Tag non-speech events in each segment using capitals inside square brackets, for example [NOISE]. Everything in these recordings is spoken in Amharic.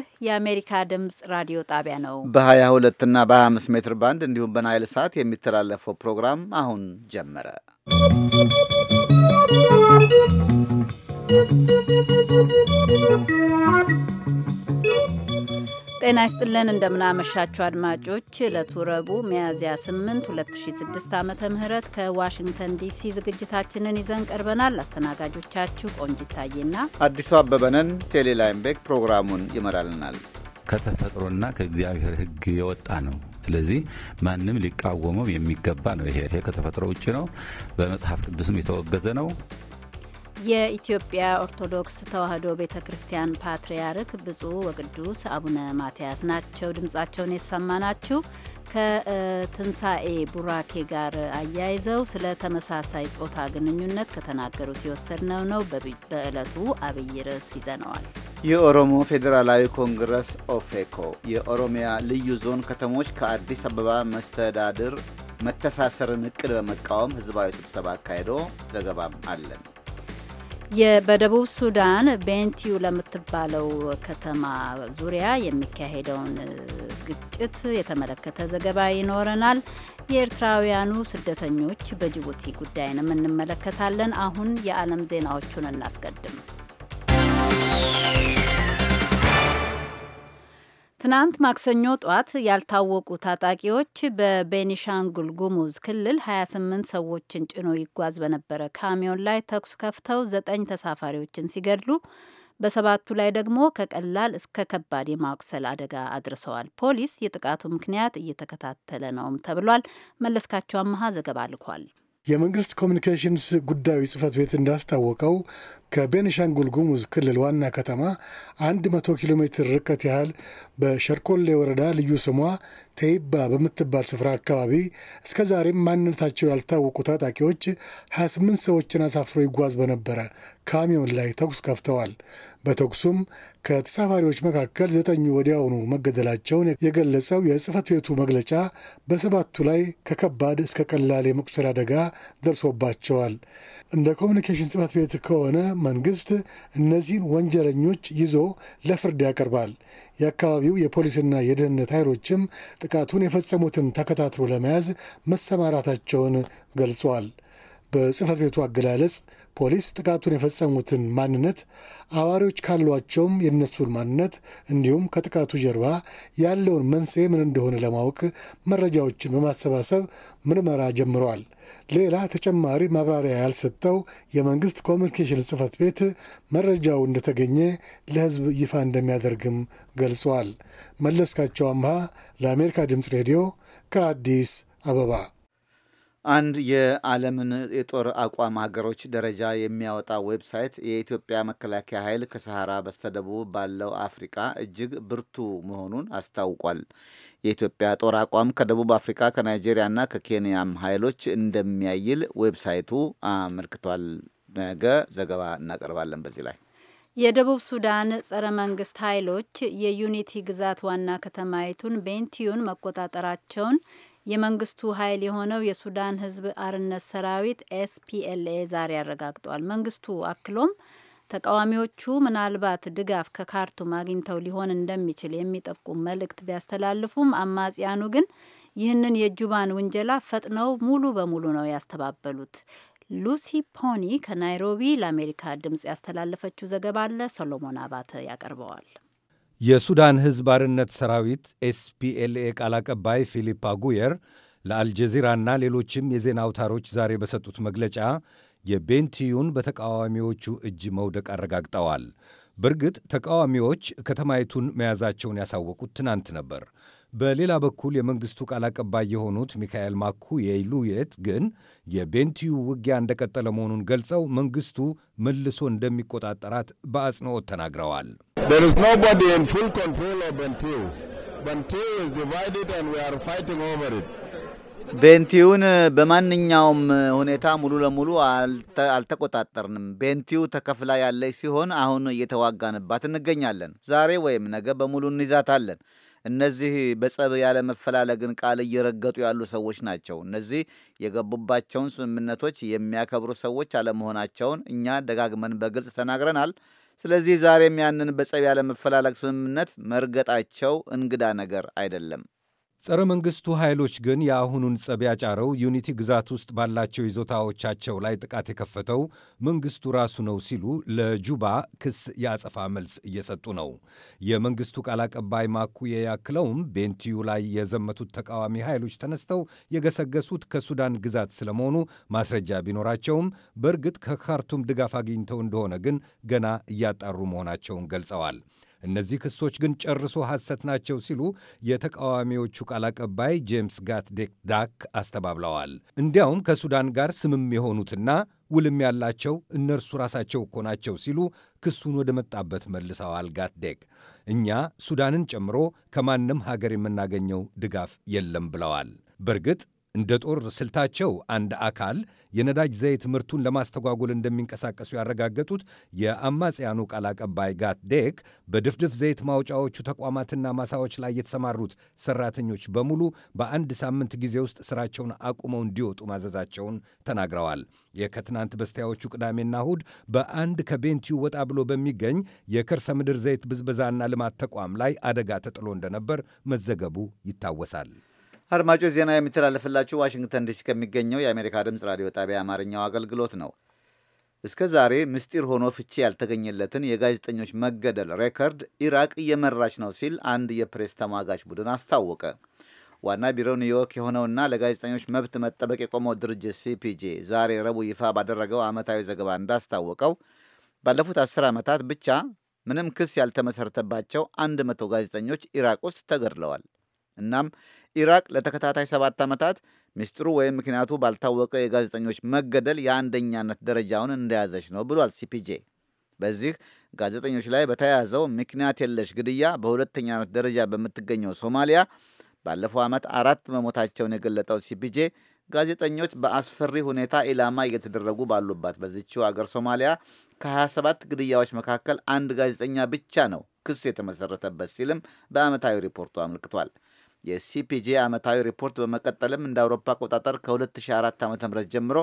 ይህ የአሜሪካ ድምፅ ራዲዮ ጣቢያ ነው። በ22 እና በ25 ሜትር ባንድ እንዲሁም በናይል ሰዓት የሚተላለፈው ፕሮግራም አሁን ጀመረ። ¶¶ ጤና ይስጥልን እንደምናመሻችሁ አድማጮች ለቱረቡ ረቡዕ ሚያዝያ 8 2006 ዓ ም ከዋሽንግተን ዲሲ ዝግጅታችንን ይዘን ቀርበናል። አስተናጋጆቻችሁ ቆንጂት አዲሱ አበበነን። ቴሌላይምቤክ ፕሮግራሙን ይመራልናል። ከተፈጥሮና ከእግዚአብሔር ህግ የወጣ ነው። ስለዚህ ማንም ሊቃወመው የሚገባ ነው። ይሄ ከተፈጥሮ ውጭ ነው። በመጽሐፍ ቅዱስም የተወገዘ ነው። የኢትዮጵያ ኦርቶዶክስ ተዋሕዶ ቤተ ክርስቲያን ፓትርያርክ ብፁዕ ወቅዱስ አቡነ ማትያስ ናቸው። ድምጻቸውን የሰማናችሁ ከትንሣኤ ቡራኬ ጋር አያይዘው ስለ ተመሳሳይ ጾታ ግንኙነት ከተናገሩት የወሰድነው ነው። በዕለቱ አብይ ርዕስ ይዘነዋል። የኦሮሞ ፌዴራላዊ ኮንግረስ ኦፌኮ የኦሮሚያ ልዩ ዞን ከተሞች ከአዲስ አበባ መስተዳድር መተሳሰርን እቅድ በመቃወም ህዝባዊ ስብሰባ አካሂዶ ዘገባም አለን። በደቡብ ሱዳን ቤንቲዩ ለምትባለው ከተማ ዙሪያ የሚካሄደውን ግጭት የተመለከተ ዘገባ ይኖረናል። የኤርትራውያኑ ስደተኞች በጅቡቲ ጉዳይንም እንመለከታለን። አሁን የዓለም ዜናዎቹን እናስቀድም። ትናንት ማክሰኞ ጧት ያልታወቁ ታጣቂዎች በቤኒሻንጉል ጉሙዝ ክልል 28 ሰዎችን ጭኖ ይጓዝ በነበረ ካሚዮን ላይ ተኩስ ከፍተው ዘጠኝ ተሳፋሪዎችን ሲገድሉ በሰባቱ ላይ ደግሞ ከቀላል እስከ ከባድ የማቁሰል አደጋ አድርሰዋል። ፖሊስ የጥቃቱ ምክንያት እየተከታተለ ነውም ተብሏል። መለስካቸው አመሀ ዘገባ ልኳል። የመንግስት ኮሚኒኬሽንስ ጉዳዮች ጽህፈት ቤት እንዳስታወቀው ከቤንሻንጉል ጉሙዝ ክልል ዋና ከተማ 100 ኪሎ ሜትር ርቀት ያህል በሸርኮሌ ወረዳ ልዩ ስሟ ተይባ በምትባል ስፍራ አካባቢ እስከ ዛሬም ማንነታቸው ያልታወቁ ታጣቂዎች 28 ሰዎችን አሳፍሮ ይጓዝ በነበረ ካሚዮን ላይ ተኩስ ከፍተዋል። በተኩሱም ከተሳፋሪዎች መካከል ዘጠኙ ወዲያውኑ መገደላቸውን የገለጸው የጽህፈት ቤቱ መግለጫ በሰባቱ ላይ ከከባድ እስከ ቀላል የመቁሰል አደጋ ደርሶባቸዋል። እንደ ኮሚኒኬሽን ጽህፈት ቤት ከሆነ መንግስት እነዚህን ወንጀለኞች ይዞ ለፍርድ ያቀርባል። የአካባቢው የፖሊስና የደህንነት ኃይሎችም ጥቃቱን የፈጸሙትን ተከታትሎ ለመያዝ መሰማራታቸውን ገልጿል። በጽህፈት ቤቱ አገላለጽ ፖሊስ ጥቃቱን የፈጸሙትን ማንነት አዋሪዎች ካሏቸውም የእነሱን ማንነት እንዲሁም ከጥቃቱ ጀርባ ያለውን መንስኤ ምን እንደሆነ ለማወቅ መረጃዎችን በማሰባሰብ ምርመራ ጀምረዋል። ሌላ ተጨማሪ ማብራሪያ ያልሰጠው የመንግስት ኮሚኒኬሽን ጽህፈት ቤት መረጃው እንደተገኘ ለህዝብ ይፋ እንደሚያደርግም ገልጿል። መለስካቸው አምሃ ለአሜሪካ ድምፅ ሬዲዮ ከአዲስ አበባ አንድ የዓለምን የጦር አቋም ሀገሮች ደረጃ የሚያወጣ ዌብሳይት የኢትዮጵያ መከላከያ ኃይል ከሰሐራ በስተደቡብ ባለው አፍሪካ እጅግ ብርቱ መሆኑን አስታውቋል። የኢትዮጵያ ጦር አቋም ከደቡብ አፍሪካ ከናይጄሪያና ከኬንያም ኃይሎች እንደሚያይል ዌብሳይቱ አመልክቷል። ነገ ዘገባ እናቀርባለን በዚህ ላይ። የደቡብ ሱዳን ጸረ መንግስት ኃይሎች የዩኒቲ ግዛት ዋና ከተማይቱን ቤንቲዩን መቆጣጠራቸውን የመንግስቱ ኃይል የሆነው የሱዳን ህዝብ አርነት ሰራዊት ኤስፒኤልኤ ዛሬ አረጋግጧል። መንግስቱ አክሎም ተቃዋሚዎቹ ምናልባት ድጋፍ ከካርቱም አግኝተው ሊሆን እንደሚችል የሚጠቁም መልእክት ቢያስተላልፉም አማጽያኑ ግን ይህንን የጁባን ውንጀላ ፈጥነው ሙሉ በሙሉ ነው ያስተባበሉት። ሉሲ ፖኒ ከናይሮቢ ለአሜሪካ ድምጽ ያስተላለፈችው ዘገባ አለ። ሰሎሞን አባተ ያቀርበዋል። የሱዳን ሕዝብ አርነት ሰራዊት ኤስፒኤልኤ ቃል አቀባይ ፊሊፕ አጉየር ለአልጀዚራና ሌሎችም የዜና አውታሮች ዛሬ በሰጡት መግለጫ የቤንቲዩን በተቃዋሚዎቹ እጅ መውደቅ አረጋግጠዋል። በእርግጥ ተቃዋሚዎች ከተማይቱን መያዛቸውን ያሳወቁት ትናንት ነበር። በሌላ በኩል የመንግስቱ ቃል አቀባይ የሆኑት ሚካኤል ማኩዬሉዬት ግን የቤንቲዩ ውጊያ እንደቀጠለ መሆኑን ገልጸው መንግስቱ መልሶ እንደሚቆጣጠራት በአጽንኦት ተናግረዋል። ቤንቲዩን በማንኛውም ሁኔታ ሙሉ ለሙሉ አልተቆጣጠርንም። ቤንቲዩ ተከፍላ ያለች ሲሆን አሁን እየተዋጋንባት እንገኛለን። ዛሬ ወይም ነገ በሙሉ እንይዛታለን። እነዚህ በጸብ ያለ መፈላለግን ቃል እየረገጡ ያሉ ሰዎች ናቸው። እነዚህ የገቡባቸውን ስምምነቶች የሚያከብሩ ሰዎች አለመሆናቸውን እኛ ደጋግመን በግልጽ ተናግረናል። ስለዚህ ዛሬም ያንን በጸብ ያለ መፈላለግ ስምምነት መርገጣቸው እንግዳ ነገር አይደለም። ጸረ መንግሥቱ ኃይሎች ግን የአሁኑን ጸብ ያጫረው ዩኒቲ ግዛት ውስጥ ባላቸው ይዞታዎቻቸው ላይ ጥቃት የከፈተው መንግሥቱ ራሱ ነው ሲሉ ለጁባ ክስ የአጸፋ መልስ እየሰጡ ነው። የመንግሥቱ ቃል አቀባይ ማኩዬ ያክለውም ቤንቲዩ ላይ የዘመቱት ተቃዋሚ ኃይሎች ተነስተው የገሰገሱት ከሱዳን ግዛት ስለመሆኑ ማስረጃ ቢኖራቸውም በእርግጥ ከካርቱም ድጋፍ አግኝተው እንደሆነ ግን ገና እያጣሩ መሆናቸውን ገልጸዋል። እነዚህ ክሶች ግን ጨርሶ ሐሰት ናቸው ሲሉ የተቃዋሚዎቹ ቃል አቀባይ ጄምስ ጋት ዴክዳክ አስተባብለዋል። እንዲያውም ከሱዳን ጋር ስምም የሆኑትና ውልም ያላቸው እነርሱ ራሳቸው እኮ ናቸው ሲሉ ክሱን ወደ መጣበት መልሰዋል። ዴክ እኛ ሱዳንን ጨምሮ ከማንም ሀገር የምናገኘው ድጋፍ የለም ብለዋል። በእርግጥ እንደ ጦር ስልታቸው አንድ አካል የነዳጅ ዘይት ምርቱን ለማስተጓጎል እንደሚንቀሳቀሱ ያረጋገጡት የአማጽያኑ ቃል አቀባይ ጋት ዴክ በድፍድፍ ዘይት ማውጫዎቹ ተቋማትና ማሳዎች ላይ የተሰማሩት ሰራተኞች በሙሉ በአንድ ሳምንት ጊዜ ውስጥ ስራቸውን አቁመው እንዲወጡ ማዘዛቸውን ተናግረዋል። የከትናንት በስቲያዎቹ ቅዳሜና እሁድ በአንድ ከቤንቲዩ ወጣ ብሎ በሚገኝ የከርሰ ምድር ዘይት ብዝበዛና ልማት ተቋም ላይ አደጋ ተጥሎ እንደነበር መዘገቡ ይታወሳል። አድማጮች ዜና የሚተላለፍላችሁ ዋሽንግተን ዲሲ ከሚገኘው የአሜሪካ ድምፅ ራዲዮ ጣቢያ አማርኛው አገልግሎት ነው። እስከ ዛሬ ምስጢር ሆኖ ፍቺ ያልተገኘለትን የጋዜጠኞች መገደል ሬከርድ ኢራቅ እየመራች ነው ሲል አንድ የፕሬስ ተሟጋች ቡድን አስታወቀ። ዋና ቢሮው ኒውዮርክ የሆነውና ለጋዜጠኞች መብት መጠበቅ የቆመው ድርጅት ሲፒጄ ዛሬ ረቡዕ ይፋ ባደረገው ዓመታዊ ዘገባ እንዳስታወቀው ባለፉት አስር ዓመታት ብቻ ምንም ክስ ያልተመሰረተባቸው አንድ መቶ ጋዜጠኞች ኢራቅ ውስጥ ተገድለዋል። እናም ኢራቅ ለተከታታይ ሰባት ዓመታት ሚስጥሩ ወይም ምክንያቱ ባልታወቀ የጋዜጠኞች መገደል የአንደኛነት ደረጃውን እንደያዘች ነው ብሏል ሲፒጄ። በዚህ ጋዜጠኞች ላይ በተያያዘው ምክንያት የለሽ ግድያ በሁለተኛነት ደረጃ በምትገኘው ሶማሊያ ባለፈው ዓመት አራት መሞታቸውን የገለጠው ሲፒጄ ጋዜጠኞች በአስፈሪ ሁኔታ ኢላማ እየተደረጉ ባሉባት በዚችው አገር ሶማሊያ ከ27 ግድያዎች መካከል አንድ ጋዜጠኛ ብቻ ነው ክስ የተመሰረተበት ሲልም በዓመታዊ ሪፖርቱ አመልክቷል። የሲፒጄ ዓመታዊ ሪፖርት በመቀጠልም እንደ አውሮፓ አቆጣጠር ከ2004 ዓ ም ጀምሮ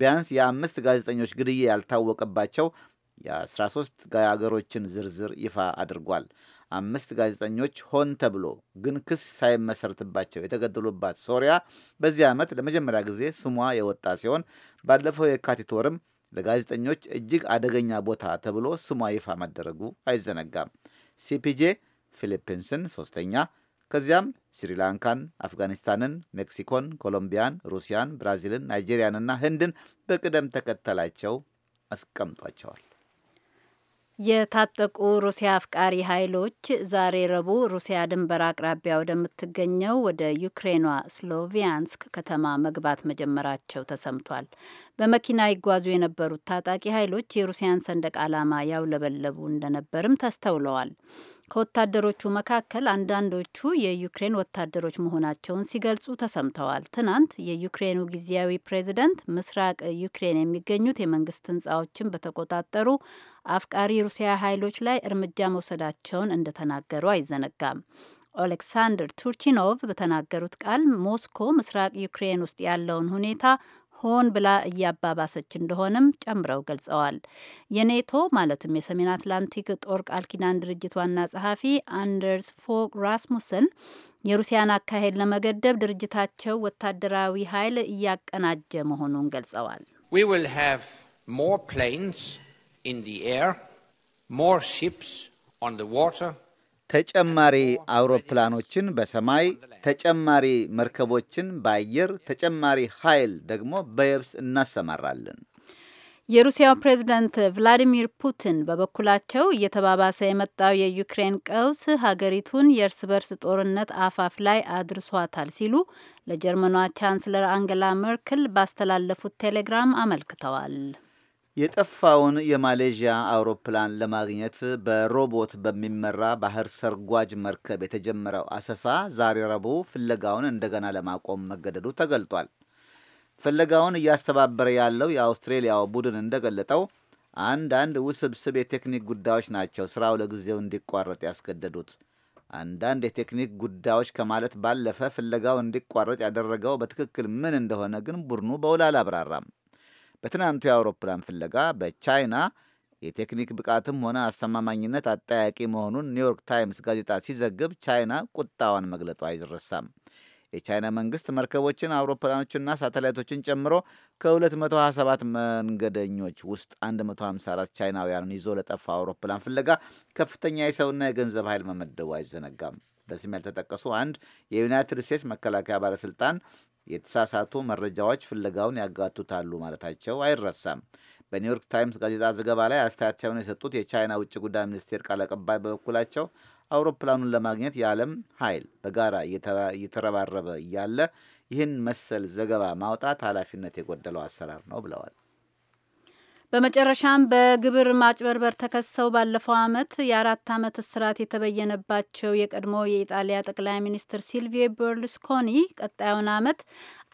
ቢያንስ የአምስት ጋዜጠኞች ግድያ ያልታወቀባቸው የ13 አገሮችን ዝርዝር ይፋ አድርጓል። አምስት ጋዜጠኞች ሆን ተብሎ ግን ክስ ሳይመሰርትባቸው የተገደሉባት ሶሪያ በዚህ ዓመት ለመጀመሪያ ጊዜ ስሟ የወጣ ሲሆን ባለፈው የካቲት ወርም ለጋዜጠኞች እጅግ አደገኛ ቦታ ተብሎ ስሟ ይፋ መደረጉ አይዘነጋም። ሲፒጄ ፊሊፒንስን ሶስተኛ ከዚያም ስሪላንካን፣ አፍጋኒስታንን፣ ሜክሲኮን፣ ኮሎምቢያን፣ ሩሲያን፣ ብራዚልን፣ ናይጄሪያንና ህንድን በቅደም ተከተላቸው አስቀምጧቸዋል። የታጠቁ ሩሲያ አፍቃሪ ኃይሎች ዛሬ ረቡዕ ሩሲያ ድንበር አቅራቢያ ወደምትገኘው ወደ ዩክሬኗ ስሎቪያንስክ ከተማ መግባት መጀመራቸው ተሰምቷል። በመኪና ይጓዙ የነበሩት ታጣቂ ኃይሎች የሩሲያን ሰንደቅ ዓላማ ያውለበለቡ እንደነበርም ተስተውለዋል። ከወታደሮቹ መካከል አንዳንዶቹ የዩክሬን ወታደሮች መሆናቸውን ሲገልጹ ተሰምተዋል። ትናንት የዩክሬኑ ጊዜያዊ ፕሬዝደንት ምስራቅ ዩክሬን የሚገኙት የመንግስት ህንጻዎችን በተቆጣጠሩ አፍቃሪ ሩሲያ ኃይሎች ላይ እርምጃ መውሰዳቸውን እንደተናገሩ አይዘነጋም። ኦሌክሳንደር ቱርቺኖቭ በተናገሩት ቃል ሞስኮ ምስራቅ ዩክሬን ውስጥ ያለውን ሁኔታ ሆን ብላ እያባባሰች እንደሆነም ጨምረው ገልጸዋል። የኔቶ ማለትም የሰሜን አትላንቲክ ጦር ቃል ኪዳን ድርጅት ዋና ጸሐፊ አንደርስ ፎግ ራስሙሰን የሩሲያን አካሄድ ለመገደብ ድርጅታቸው ወታደራዊ ኃይል እያቀናጀ መሆኑን ገልጸዋል። ሞር ተጨማሪ አውሮፕላኖችን በሰማይ ተጨማሪ መርከቦችን በአየር ተጨማሪ ኃይል ደግሞ በየብስ እናሰማራለን። የሩሲያው ፕሬዝዳንት ቭላዲሚር ፑቲን በበኩላቸው እየተባባሰ የመጣው የዩክሬን ቀውስ ሀገሪቱን የእርስ በርስ ጦርነት አፋፍ ላይ አድርሷታል ሲሉ ለጀርመኗ ቻንስለር አንገላ ሜርክል ባስተላለፉት ቴሌግራም አመልክተዋል። የጠፋውን የማሌዥያ አውሮፕላን ለማግኘት በሮቦት በሚመራ ባህር ሰርጓጅ መርከብ የተጀመረው አሰሳ ዛሬ ረቡዕ ፍለጋውን እንደገና ለማቆም መገደዱ ተገልጧል። ፍለጋውን እያስተባበረ ያለው የአውስትሬሊያው ቡድን እንደገለጠው አንዳንድ ውስብስብ የቴክኒክ ጉዳዮች ናቸው ስራው ለጊዜው እንዲቋረጥ ያስገደዱት። አንዳንድ የቴክኒክ ጉዳዮች ከማለት ባለፈ ፍለጋው እንዲቋረጥ ያደረገው በትክክል ምን እንደሆነ ግን ቡድኑ በውል አላብራራም። በትናንቱ የአውሮፕላን ፍለጋ በቻይና የቴክኒክ ብቃትም ሆነ አስተማማኝነት አጠያቂ መሆኑን ኒውዮርክ ታይምስ ጋዜጣ ሲዘግብ ቻይና ቁጣዋን መግለጧ አይረሳም። የቻይና መንግስት መርከቦችን፣ አውሮፕላኖችና ሳተላይቶችን ጨምሮ ከ227 መንገደኞች ውስጥ 154 ቻይናውያንን ይዞ ለጠፋ አውሮፕላን ፍለጋ ከፍተኛ የሰውና የገንዘብ ኃይል መመደቡ አይዘነጋም። በስም ያልተጠቀሱ አንድ የዩናይትድ ስቴትስ መከላከያ ባለስልጣን የተሳሳቱ መረጃዎች ፍለጋውን ያጋቱታሉ ማለታቸው አይረሳም። በኒውዮርክ ታይምስ ጋዜጣ ዘገባ ላይ አስተያየታቸውን የሰጡት የቻይና ውጭ ጉዳይ ሚኒስቴር ቃል አቀባይ በበኩላቸው አውሮፕላኑን ለማግኘት የዓለም ኃይል በጋራ እየተረባረበ እያለ ይህን መሰል ዘገባ ማውጣት ኃላፊነት የጎደለው አሰራር ነው ብለዋል። በመጨረሻም በግብር ማጭበርበር ተከሰው ባለፈው ዓመት የአራት ዓመት እስራት የተበየነባቸው የቀድሞ የኢጣሊያ ጠቅላይ ሚኒስትር ሲልቪዮ ቤርሉስኮኒ ቀጣዩን ዓመት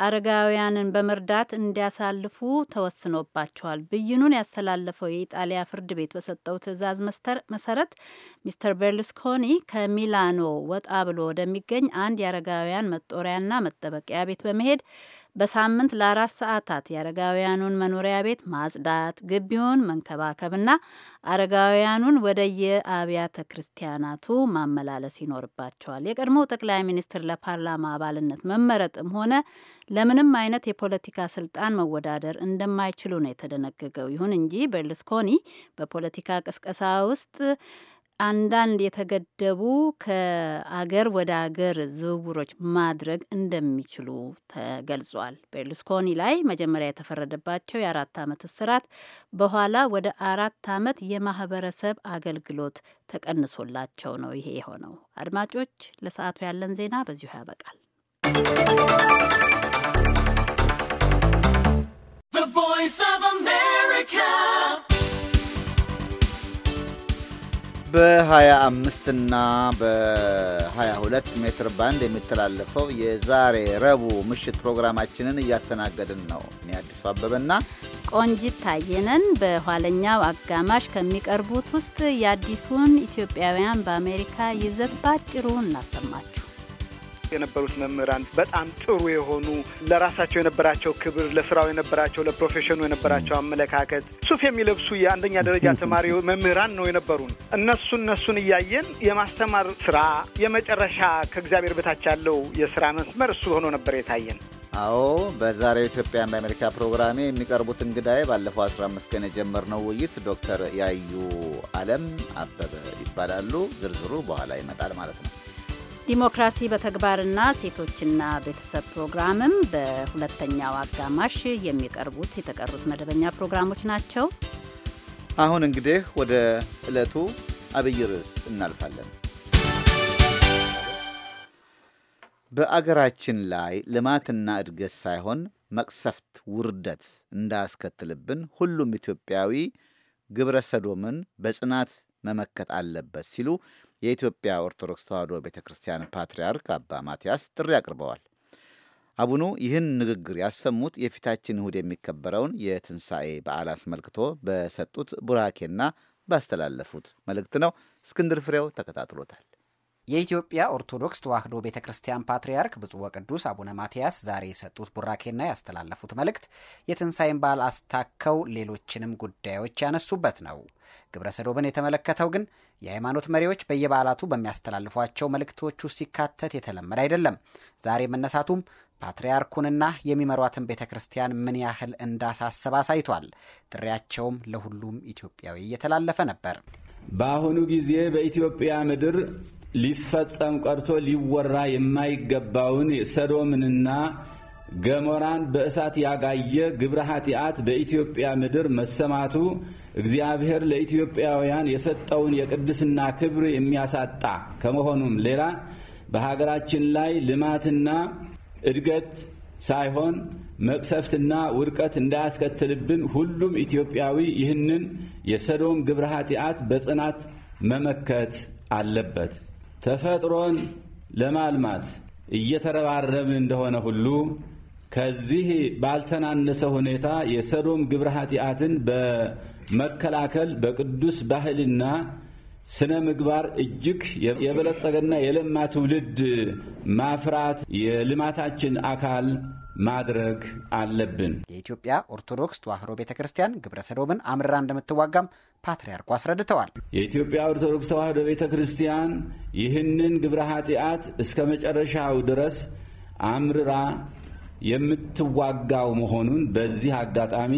አረጋውያንን በመርዳት እንዲያሳልፉ ተወስኖባቸዋል። ብይኑን ያስተላለፈው የኢጣሊያ ፍርድ ቤት በሰጠው ትዕዛዝ መሰረት ሚስተር ቤርሉስኮኒ ከሚላኖ ወጣ ብሎ ወደሚገኝ አንድ የአረጋውያን መጦሪያና መጠበቂያ ቤት በመሄድ በሳምንት ለአራት ሰዓታት የአረጋውያኑን መኖሪያ ቤት ማጽዳት፣ ግቢውን መንከባከብና አረጋውያኑን ወደየ አብያተ ክርስቲያናቱ ማመላለስ ይኖርባቸዋል። የቀድሞው ጠቅላይ ሚኒስትር ለፓርላማ አባልነት መመረጥም ሆነ ለምንም አይነት የፖለቲካ ስልጣን መወዳደር እንደማይችሉ ነው የተደነገገው። ይሁን እንጂ በርልስኮኒ በፖለቲካ ቅስቀሳ ውስጥ አንዳንድ የተገደቡ ከአገር ወደ አገር ዝውውሮች ማድረግ እንደሚችሉ ተገልጿል። ቤርሉስኮኒ ላይ መጀመሪያ የተፈረደባቸው የአራት ዓመት እስራት በኋላ ወደ አራት ዓመት የማህበረሰብ አገልግሎት ተቀንሶላቸው ነው ይሄ የሆነው። አድማጮች፣ ለሰዓቱ ያለን ዜና በዚሁ ያበቃል። በ25 እና በ22 ሜትር ባንድ የሚተላለፈው የዛሬ ረቡዕ ምሽት ፕሮግራማችንን እያስተናገድን ነው። እኔ አዲሱ አበበና ቆንጂት ታየነን። በኋለኛው አጋማሽ ከሚቀርቡት ውስጥ የአዲሱን ኢትዮጵያውያን በአሜሪካ ይዘት ባጭሩ እናሰማችሁ። የነበሩት መምህራን በጣም ጥሩ የሆኑ ለራሳቸው የነበራቸው ክብር፣ ለስራው የነበራቸው፣ ለፕሮፌሽኑ የነበራቸው አመለካከት ሱፍ የሚለብሱ የአንደኛ ደረጃ ተማሪ መምህራን ነው የነበሩን። እነሱ እነሱን እያየን የማስተማር ስራ የመጨረሻ ከእግዚአብሔር በታች ያለው የስራ መስመር እሱ ሆኖ ነበር የታየን። አዎ በዛሬው ኢትዮጵያን በአሜሪካ ፕሮግራሜ የሚቀርቡት እንግዳዬ ባለፈው 15 ቀን የጀመርነው ውይይት ዶክተር ያዩ አለም አበበ ይባላሉ። ዝርዝሩ በኋላ ይመጣል ማለት ነው። ዲሞክራሲ በተግባርና ሴቶችና ቤተሰብ ፕሮግራምም በሁለተኛው አጋማሽ የሚቀርቡት የተቀሩት መደበኛ ፕሮግራሞች ናቸው። አሁን እንግዲህ ወደ ዕለቱ አብይ ርዕስ እናልፋለን። በአገራችን ላይ ልማትና እድገት ሳይሆን መቅሰፍት፣ ውርደት እንዳያስከትልብን ሁሉም ኢትዮጵያዊ ግብረ ሰዶምን በጽናት መመከት አለበት ሲሉ የኢትዮጵያ ኦርቶዶክስ ተዋሕዶ ቤተ ክርስቲያን ፓትርያርክ አባ ማቲያስ ጥሪ አቅርበዋል። አቡኑ ይህን ንግግር ያሰሙት የፊታችን እሁድ የሚከበረውን የትንሣኤ በዓል አስመልክቶ በሰጡት ቡራኬና ባስተላለፉት መልእክት ነው። እስክንድር ፍሬው ተከታትሎታል። የኢትዮጵያ ኦርቶዶክስ ተዋሕዶ ቤተ ክርስቲያን ፓትርያርክ ብፁዕ ወቅዱስ አቡነ ማትያስ ዛሬ የሰጡት ቡራኬና ያስተላለፉት መልእክት የትንሣኤን በዓል አስታከው ሌሎችንም ጉዳዮች ያነሱበት ነው። ግብረ ሰዶብን የተመለከተው ግን የሃይማኖት መሪዎች በየበዓላቱ በሚያስተላልፏቸው መልእክቶች ውስጥ ሲካተት የተለመደ አይደለም። ዛሬ መነሳቱም ፓትርያርኩንና የሚመሯትን ቤተ ክርስቲያን ምን ያህል እንዳሳሰብ አሳይቷል። ጥሪያቸውም ለሁሉም ኢትዮጵያዊ እየተላለፈ ነበር። በአሁኑ ጊዜ በኢትዮጵያ ምድር ሊፈጸም ቀርቶ ሊወራ የማይገባውን ሰዶምንና ገሞራን በእሳት ያጋየ ግብረ ኃጢአት በኢትዮጵያ ምድር መሰማቱ እግዚአብሔር ለኢትዮጵያውያን የሰጠውን የቅድስና ክብር የሚያሳጣ ከመሆኑም ሌላ በሀገራችን ላይ ልማትና እድገት ሳይሆን መቅሰፍትና ውድቀት እንዳያስከትልብን ሁሉም ኢትዮጵያዊ ይህንን የሰዶም ግብረ ኃጢአት በጽናት መመከት አለበት። ተፈጥሮን ለማልማት እየተረባረብን እንደሆነ ሁሉ ከዚህ ባልተናነሰ ሁኔታ የሰዶም ግብረ ኃጢአትን በመከላከል በቅዱስ ባህልና ስነ ምግባር እጅግ የበለጸገና የለማ ትውልድ ማፍራት የልማታችን አካል ማድረግ አለብን። የኢትዮጵያ ኦርቶዶክስ ተዋሕዶ ቤተ ክርስቲያን ግብረ ሰዶምን አምርራ እንደምትዋጋም ፓትርያርኩ አስረድተዋል። የኢትዮጵያ ኦርቶዶክስ ተዋሕዶ ቤተ ክርስቲያን ይህንን ግብረ ኃጢአት እስከ መጨረሻው ድረስ አምርራ የምትዋጋው መሆኑን በዚህ አጋጣሚ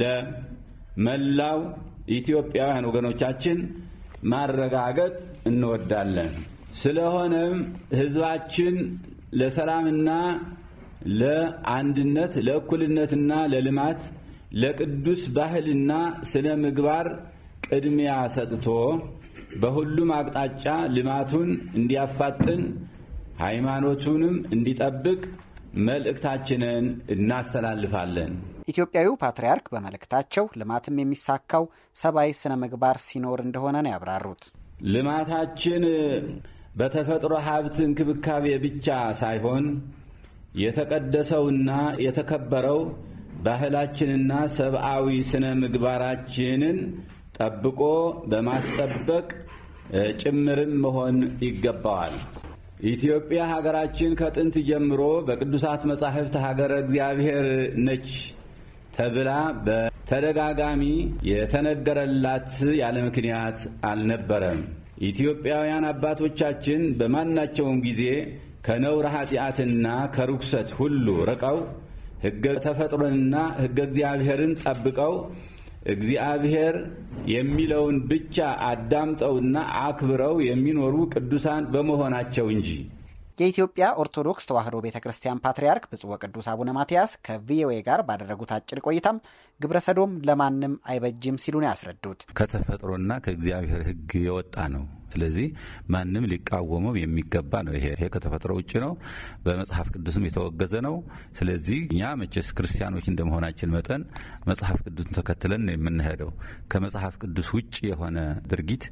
ለመላው ኢትዮጵያውያን ወገኖቻችን ማረጋገጥ እንወዳለን። ስለሆነም ሕዝባችን ለሰላምና ለአንድነት፣ ለእኩልነትና ለልማት ለቅዱስ ባህልና ስነ ምግባር ቅድሚያ ሰጥቶ በሁሉም አቅጣጫ ልማቱን እንዲያፋጥን ሃይማኖቱንም እንዲጠብቅ መልእክታችንን እናስተላልፋለን። ኢትዮጵያዊው ፓትርያርክ በመልእክታቸው ልማትም የሚሳካው ሰብአዊ ስነ ምግባር ሲኖር እንደሆነ ነው ያብራሩት። ልማታችን በተፈጥሮ ሀብት እንክብካቤ ብቻ ሳይሆን የተቀደሰውና የተከበረው ባህላችንና ሰብአዊ ስነ ምግባራችንን ጠብቆ በማስጠበቅ ጭምርም መሆን ይገባዋል። ኢትዮጵያ ሀገራችን ከጥንት ጀምሮ በቅዱሳት መጻሕፍት ሀገረ እግዚአብሔር ነች ተብላ በተደጋጋሚ የተነገረላት ያለ ምክንያት አልነበረም። ኢትዮጵያውያን አባቶቻችን በማናቸውም ጊዜ ከነውረ ኃጢአትና ከርኩሰት ሁሉ ርቀው ህገ ተፈጥሮንና ህገ እግዚአብሔርን ጠብቀው እግዚአብሔር የሚለውን ብቻ አዳምጠውና አክብረው የሚኖሩ ቅዱሳን በመሆናቸው እንጂ። የኢትዮጵያ ኦርቶዶክስ ተዋሕዶ ቤተ ክርስቲያን ፓትርያርክ ብፁዕ ወቅዱስ አቡነ ማትያስ ከቪኦኤ ጋር ባደረጉት አጭር ቆይታም ግብረ ሰዶም ለማንም አይበጅም ሲሉን ያስረዱት። ከተፈጥሮና ከእግዚአብሔር ህግ የወጣ ነው ስለዚህ ማንም ሊቃወመው የሚገባ ነው። ይሄ ከተፈጥሮ ውጭ ነው። በመጽሐፍ ቅዱስም የተወገዘ ነው። ስለዚህ እኛ መቼስ ክርስቲያኖች እንደመሆናችን መጠን መጽሐፍ ቅዱስን ተከትለን ነው የምንሄደው። ከመጽሐፍ ቅዱስ ውጭ የሆነ ድርጊት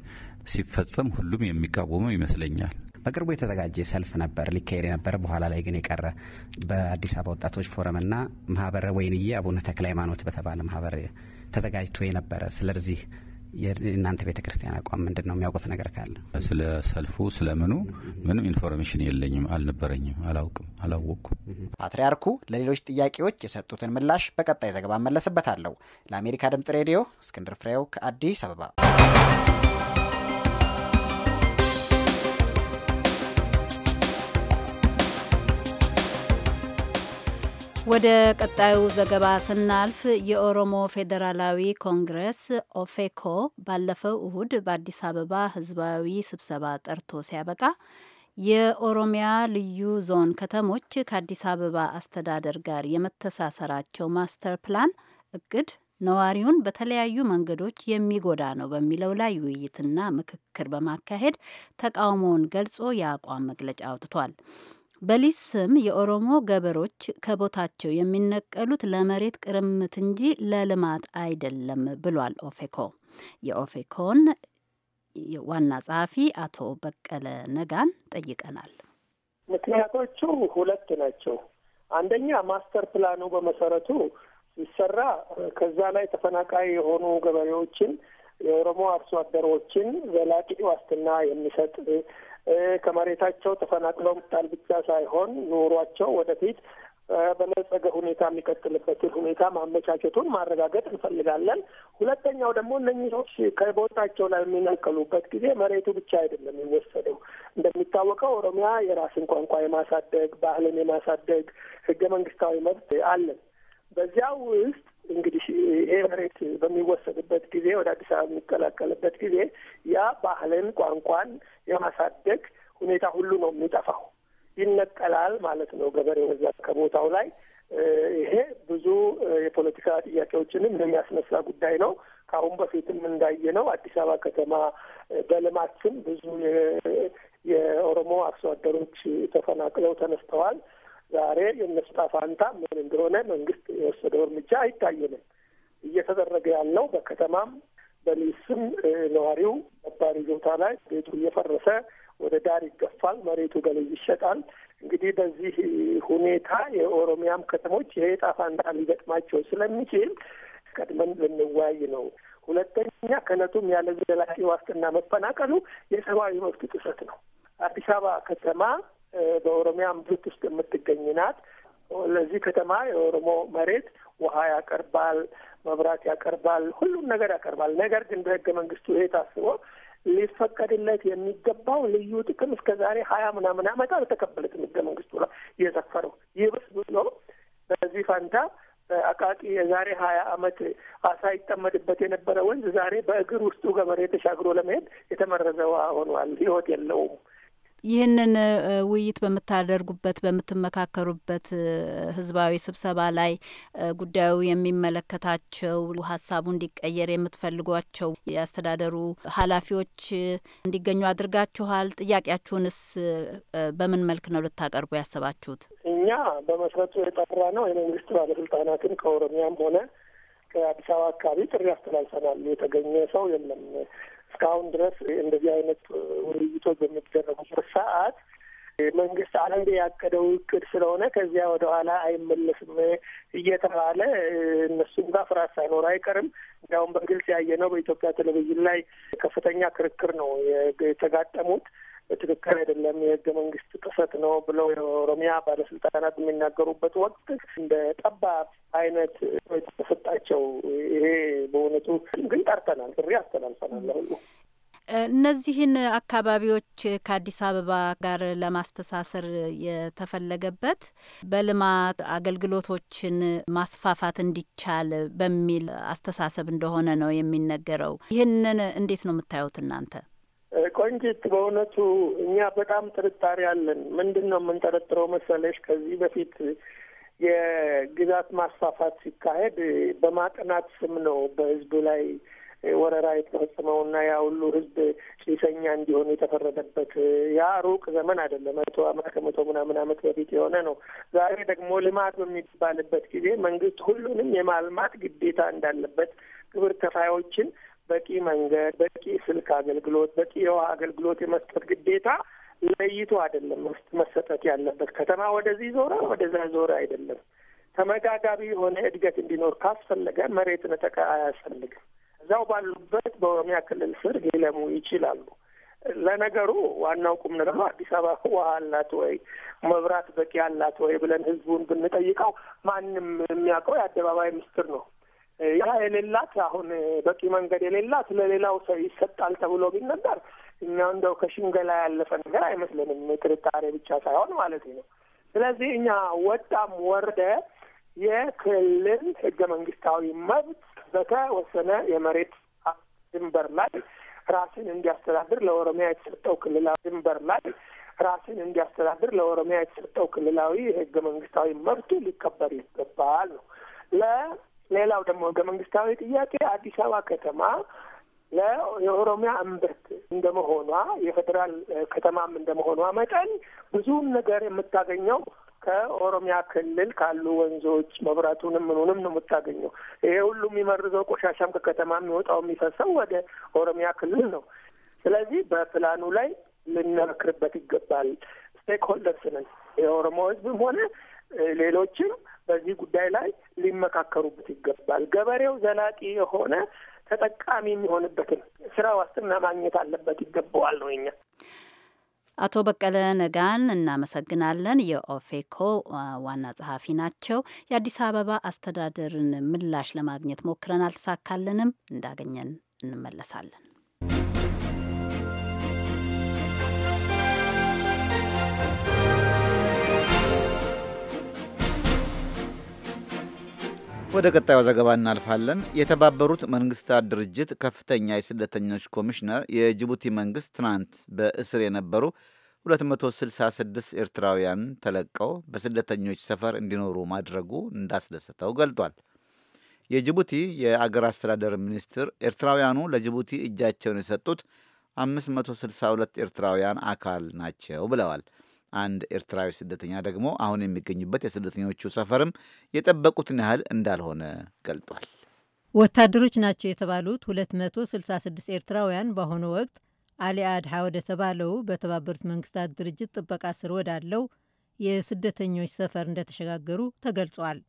ሲፈጸም ሁሉም የሚቃወመው ይመስለኛል። በቅርቡ የተዘጋጀ ሰልፍ ነበር ሊካሄድ የነበረ በኋላ ላይ ግን የቀረ በአዲስ አበባ ወጣቶች ፎረምና ማህበረ ወይንዬ አቡነ ተክለ ሃይማኖት በተባለ ማህበር ተዘጋጅቶ የነበረ ስለዚህ የእናንተ ቤተ ክርስቲያን አቋም ምንድን ነው? የሚያውቁት ነገር ካለ ስለ ሰልፉ ስለምኑ ምንም ኢንፎርሜሽን የለኝም፣ አልነበረኝም፣ አላውቅም፣ አላወቅኩም። ፓትርያርኩ ለሌሎች ጥያቄዎች የሰጡትን ምላሽ በቀጣይ ዘገባ እመለስበታለሁ። ለአሜሪካ ድምጽ ሬዲዮ እስክንድር ፍሬው ከአዲስ አበባ ወደ ቀጣዩ ዘገባ ስናልፍ የኦሮሞ ፌዴራላዊ ኮንግረስ ኦፌኮ ባለፈው እሁድ በአዲስ አበባ ህዝባዊ ስብሰባ ጠርቶ ሲያበቃ የኦሮሚያ ልዩ ዞን ከተሞች ከአዲስ አበባ አስተዳደር ጋር የመተሳሰራቸው ማስተር ፕላን እቅድ ነዋሪውን በተለያዩ መንገዶች የሚጎዳ ነው በሚለው ላይ ውይይትና ምክክር በማካሄድ ተቃውሞውን ገልጾ የአቋም መግለጫ አውጥቷል። በሊዝ ስም የኦሮሞ ገበሮች ከቦታቸው የሚነቀሉት ለመሬት ቅርምት እንጂ ለልማት አይደለም ብሏል ኦፌኮ። የኦፌኮን ዋና ጸሐፊ አቶ በቀለ ነጋን ጠይቀናል። ምክንያቶቹ ሁለት ናቸው። አንደኛ ማስተር ፕላኑ በመሰረቱ ሲሰራ ከዛ ላይ ተፈናቃይ የሆኑ ገበሬዎችን የኦሮሞ አርሶ አደሮችን ዘላቂ ዋስትና የሚሰጥ ከመሬታቸው ተፈናቅለው ምጣል ብቻ ሳይሆን ኑሯቸው ወደፊት በለጸገ ሁኔታ የሚቀጥልበትን ሁኔታ ማመቻቸቱን ማረጋገጥ እንፈልጋለን። ሁለተኛው ደግሞ እነኚህ ሰዎች ከቦታቸው ላይ የሚነቀሉበት ጊዜ መሬቱ ብቻ አይደለም የሚወሰደው። እንደሚታወቀው ኦሮሚያ የራስን ቋንቋ የማሳደግ ባህልን የማሳደግ ህገ መንግስታዊ መብት አለን። በዚያ ውስጥ እንግዲህ ይሄ መሬት በሚወሰድበት ጊዜ ወደ አዲስ አበባ የሚቀላቀልበት ጊዜ ያ ባህልን፣ ቋንቋን የማሳደግ ሁኔታ ሁሉ ነው የሚጠፋው። ይነቀላል ማለት ነው ገበሬው እዛ ከቦታው ላይ። ይሄ ብዙ የፖለቲካ ጥያቄዎችንም የሚያስነሳ ጉዳይ ነው። ከአሁን በፊትም ነው አዲስ አበባ ከተማ በልማት ስም ብዙ የኦሮሞ አርሶ አደሮች ተፈናቅለው ተነስተዋል። ዛሬ የእነሱ ጣፋንታ ምን እንደሆነ መንግስት የወሰደው እርምጃ አይታየንም። እየተደረገ ያለው በከተማም በሊስም ነዋሪው ነባር ይዞታ ላይ ቤቱ እየፈረሰ ወደ ዳር ይገፋል፣ መሬቱ በሊዝ ይሸጣል። እንግዲህ በዚህ ሁኔታ የኦሮሚያም ከተሞች ይሄ ጣፋንታ ሊገጥማቸው ስለሚችል ቀድመን ልንወያይ ነው። ሁለተኛ ከነቱም ያለ ዘላቂ ዋስትና መፈናቀሉ የሰብአዊ መብት ጥሰት ነው። አዲስ አበባ ከተማ በኦሮሚያ ምድር ውስጥ የምትገኝ ናት። ለዚህ ከተማ የኦሮሞ መሬት ውሃ ያቀርባል፣ መብራት ያቀርባል፣ ሁሉም ነገር ያቀርባል። ነገር ግን በህገ መንግስቱ ይሄ ታስቦ ሊፈቀድለት የሚገባው ልዩ ጥቅም እስከ ዛሬ ሀያ ምናምን አመት አልተከበለትም። ህገ መንግስቱ ላይ እየሰፈረው ይህ ብስ ብሎ በዚህ ፋንታ አቃቂ የዛሬ ሀያ አመት አሳ ይጠመድበት የነበረ ወንዝ ዛሬ በእግር ውስጡ ገበሬ ተሻግሮ ለመሄድ የተመረዘ ውሃ ሆኗል። ህይወት የለውም። ይህንን ውይይት በምታደርጉበት በምትመካከሩበት ህዝባዊ ስብሰባ ላይ ጉዳዩ የሚመለከታቸው ሀሳቡ እንዲቀየር የምትፈልጓቸው የአስተዳደሩ ኃላፊዎች እንዲገኙ አድርጋችኋል። ጥያቄያችሁንስ በምን መልክ ነው ልታቀርቡ ያሰባችሁት? እኛ በመስረቱ የጠራ ነው የመንግስት ባለስልጣናትን ከኦሮሚያም ሆነ ከአዲስ አበባ አካባቢ ጥሪ አስተላልፈናል። የተገኘ ሰው የለም። እስካሁን ድረስ እንደዚህ አይነት ውይይቶች በሚደረጉበት ሰዓት መንግስት አለንድ ያቀደው እቅድ ስለሆነ ከዚያ ወደኋላ አይመለስም እየተባለ እነሱም ጋር ፍርሃት ሳይኖር አይቀርም። እንዲያውም በግልጽ ያየነው በኢትዮጵያ ቴሌቪዥን ላይ ከፍተኛ ክርክር ነው የተጋጠሙት። ትክክል አይደለም፣ የህገ መንግስት ጥሰት ነው ብለው የኦሮሚያ ባለስልጣናት የሚናገሩበት ወቅት እንደ ጠባብ አይነት የተሰጣቸው ይሄ በእውነቱ ግን ጠርተናል፣ ጥሪ አስተላልፈናል ለሁሉ እነዚህን አካባቢዎች ከአዲስ አበባ ጋር ለማስተሳሰር የተፈለገበት በልማት አገልግሎቶችን ማስፋፋት እንዲቻል በሚል አስተሳሰብ እንደሆነ ነው የሚነገረው። ይህንን እንዴት ነው የምታዩት እናንተ? ቆንጂት፣ በእውነቱ እኛ በጣም ጥርጣሬ አለን። ምንድን ነው የምንጠረጥረው መሰለሽ ከዚህ በፊት የግዛት ማስፋፋት ሲካሄድ በማጥናት ስም ነው በህዝቡ ላይ ወረራ የተፈጽመውና ያ ሁሉ ህዝብ ጭሰኛ እንዲሆን የተፈረደበት ያ ሩቅ ዘመን አይደለም። መቶ አመት ከመቶ ምናምን አመት በፊት የሆነ ነው። ዛሬ ደግሞ ልማት በሚባልበት ጊዜ መንግስት ሁሉንም የማልማት ግዴታ እንዳለበት ግብር ከፋዮችን በቂ መንገድ፣ በቂ ስልክ አገልግሎት፣ በቂ የውሃ አገልግሎት የመስጠት ግዴታ ለይቶ አይደለም መሰጠት ያለበት። ከተማ ወደዚህ ዞረ፣ ወደዛ ዞረ አይደለም። ተመጋጋቢ የሆነ እድገት እንዲኖር ካስፈለገ መሬት ነጠቀ አያስፈልግም። እዛው ባሉበት በኦሮሚያ ክልል ስር ሊለሙ ይችላሉ። ለነገሩ ዋናው ቁም ነገሩ አዲስ አበባ ውሃ አላት ወይ መብራት በቂ አላት ወይ ብለን ህዝቡን ብንጠይቀው ማንም የሚያውቀው የአደባባይ ምስጢር ነው። ያ የሌላት አሁን በቂ መንገድ የሌላት ለሌላው ሰው ይሰጣል ተብሎ ቢነገር እኛ እንደው ከሽንገላ ያለፈ ነገር አይመስለንም። ጥርጣሬ ብቻ ሳይሆን ማለት ነው። ስለዚህ እኛ ወጣም ወርደ የክልል ህገ መንግስታዊ መብት በተወሰነ የመሬት ድንበር ላይ ራስን እንዲያስተዳድር ለኦሮሚያ የተሰጠው ክልላዊ ድንበር ላይ ራስን እንዲያስተዳድር ለኦሮሚያ የተሰጠው ክልላዊ ህገ መንግስታዊ መብቱ ሊከበር ይገባል ነው። ለ ሌላው ደግሞ ህገ መንግስታዊ ጥያቄ አዲስ አበባ ከተማ የኦሮሚያ እምብርት እንደመሆኗ የፌዴራል ከተማም እንደመሆኗ መጠን ብዙውን ነገር የምታገኘው ከኦሮሚያ ክልል ካሉ ወንዞች መብራቱንም ምኑንም ነው የምታገኘው። ይሄ ሁሉ የሚመርዘው ቆሻሻም ከከተማ የሚወጣው የሚፈሰው ወደ ኦሮሚያ ክልል ነው። ስለዚህ በፕላኑ ላይ ልንመክርበት ይገባል። ስቴክሆልደርስ ነን የኦሮሞ ህዝብም ሆነ ሌሎችም በዚህ ጉዳይ ላይ ሊመካከሩበት ይገባል። ገበሬው ዘላቂ የሆነ ተጠቃሚ የሚሆንበትን ስራ ዋስትና ማግኘት አለበት፣ ይገባዋል ነው የኛ አቶ በቀለ ነጋን እናመሰግናለን። የኦፌኮ ዋና ጸሐፊ ናቸው። የአዲስ አበባ አስተዳደርን ምላሽ ለማግኘት ሞክረን አልተሳካልንም። እንዳገኘን እንመለሳለን። ወደ ቀጣዩ ዘገባ እናልፋለን። የተባበሩት መንግስታት ድርጅት ከፍተኛ የስደተኞች ኮሚሽነር የጅቡቲ መንግስት ትናንት በእስር የነበሩ 266 ኤርትራውያን ተለቀው በስደተኞች ሰፈር እንዲኖሩ ማድረጉ እንዳስደሰተው ገልጧል። የጅቡቲ የአገር አስተዳደር ሚኒስትር ኤርትራውያኑ ለጅቡቲ እጃቸውን የሰጡት 562 ኤርትራውያን አካል ናቸው ብለዋል። አንድ ኤርትራዊ ስደተኛ ደግሞ አሁን የሚገኙበት የስደተኞቹ ሰፈርም የጠበቁትን ያህል እንዳልሆነ ገልጧል። ወታደሮች ናቸው የተባሉት 266 ኤርትራውያን በአሁኑ ወቅት አሊ አድሃ ወደ ተባለው በተባበሩት መንግስታት ድርጅት ጥበቃ ስር ወዳለው የስደተኞች ሰፈር እንደተሸጋገሩ ተገልጿል።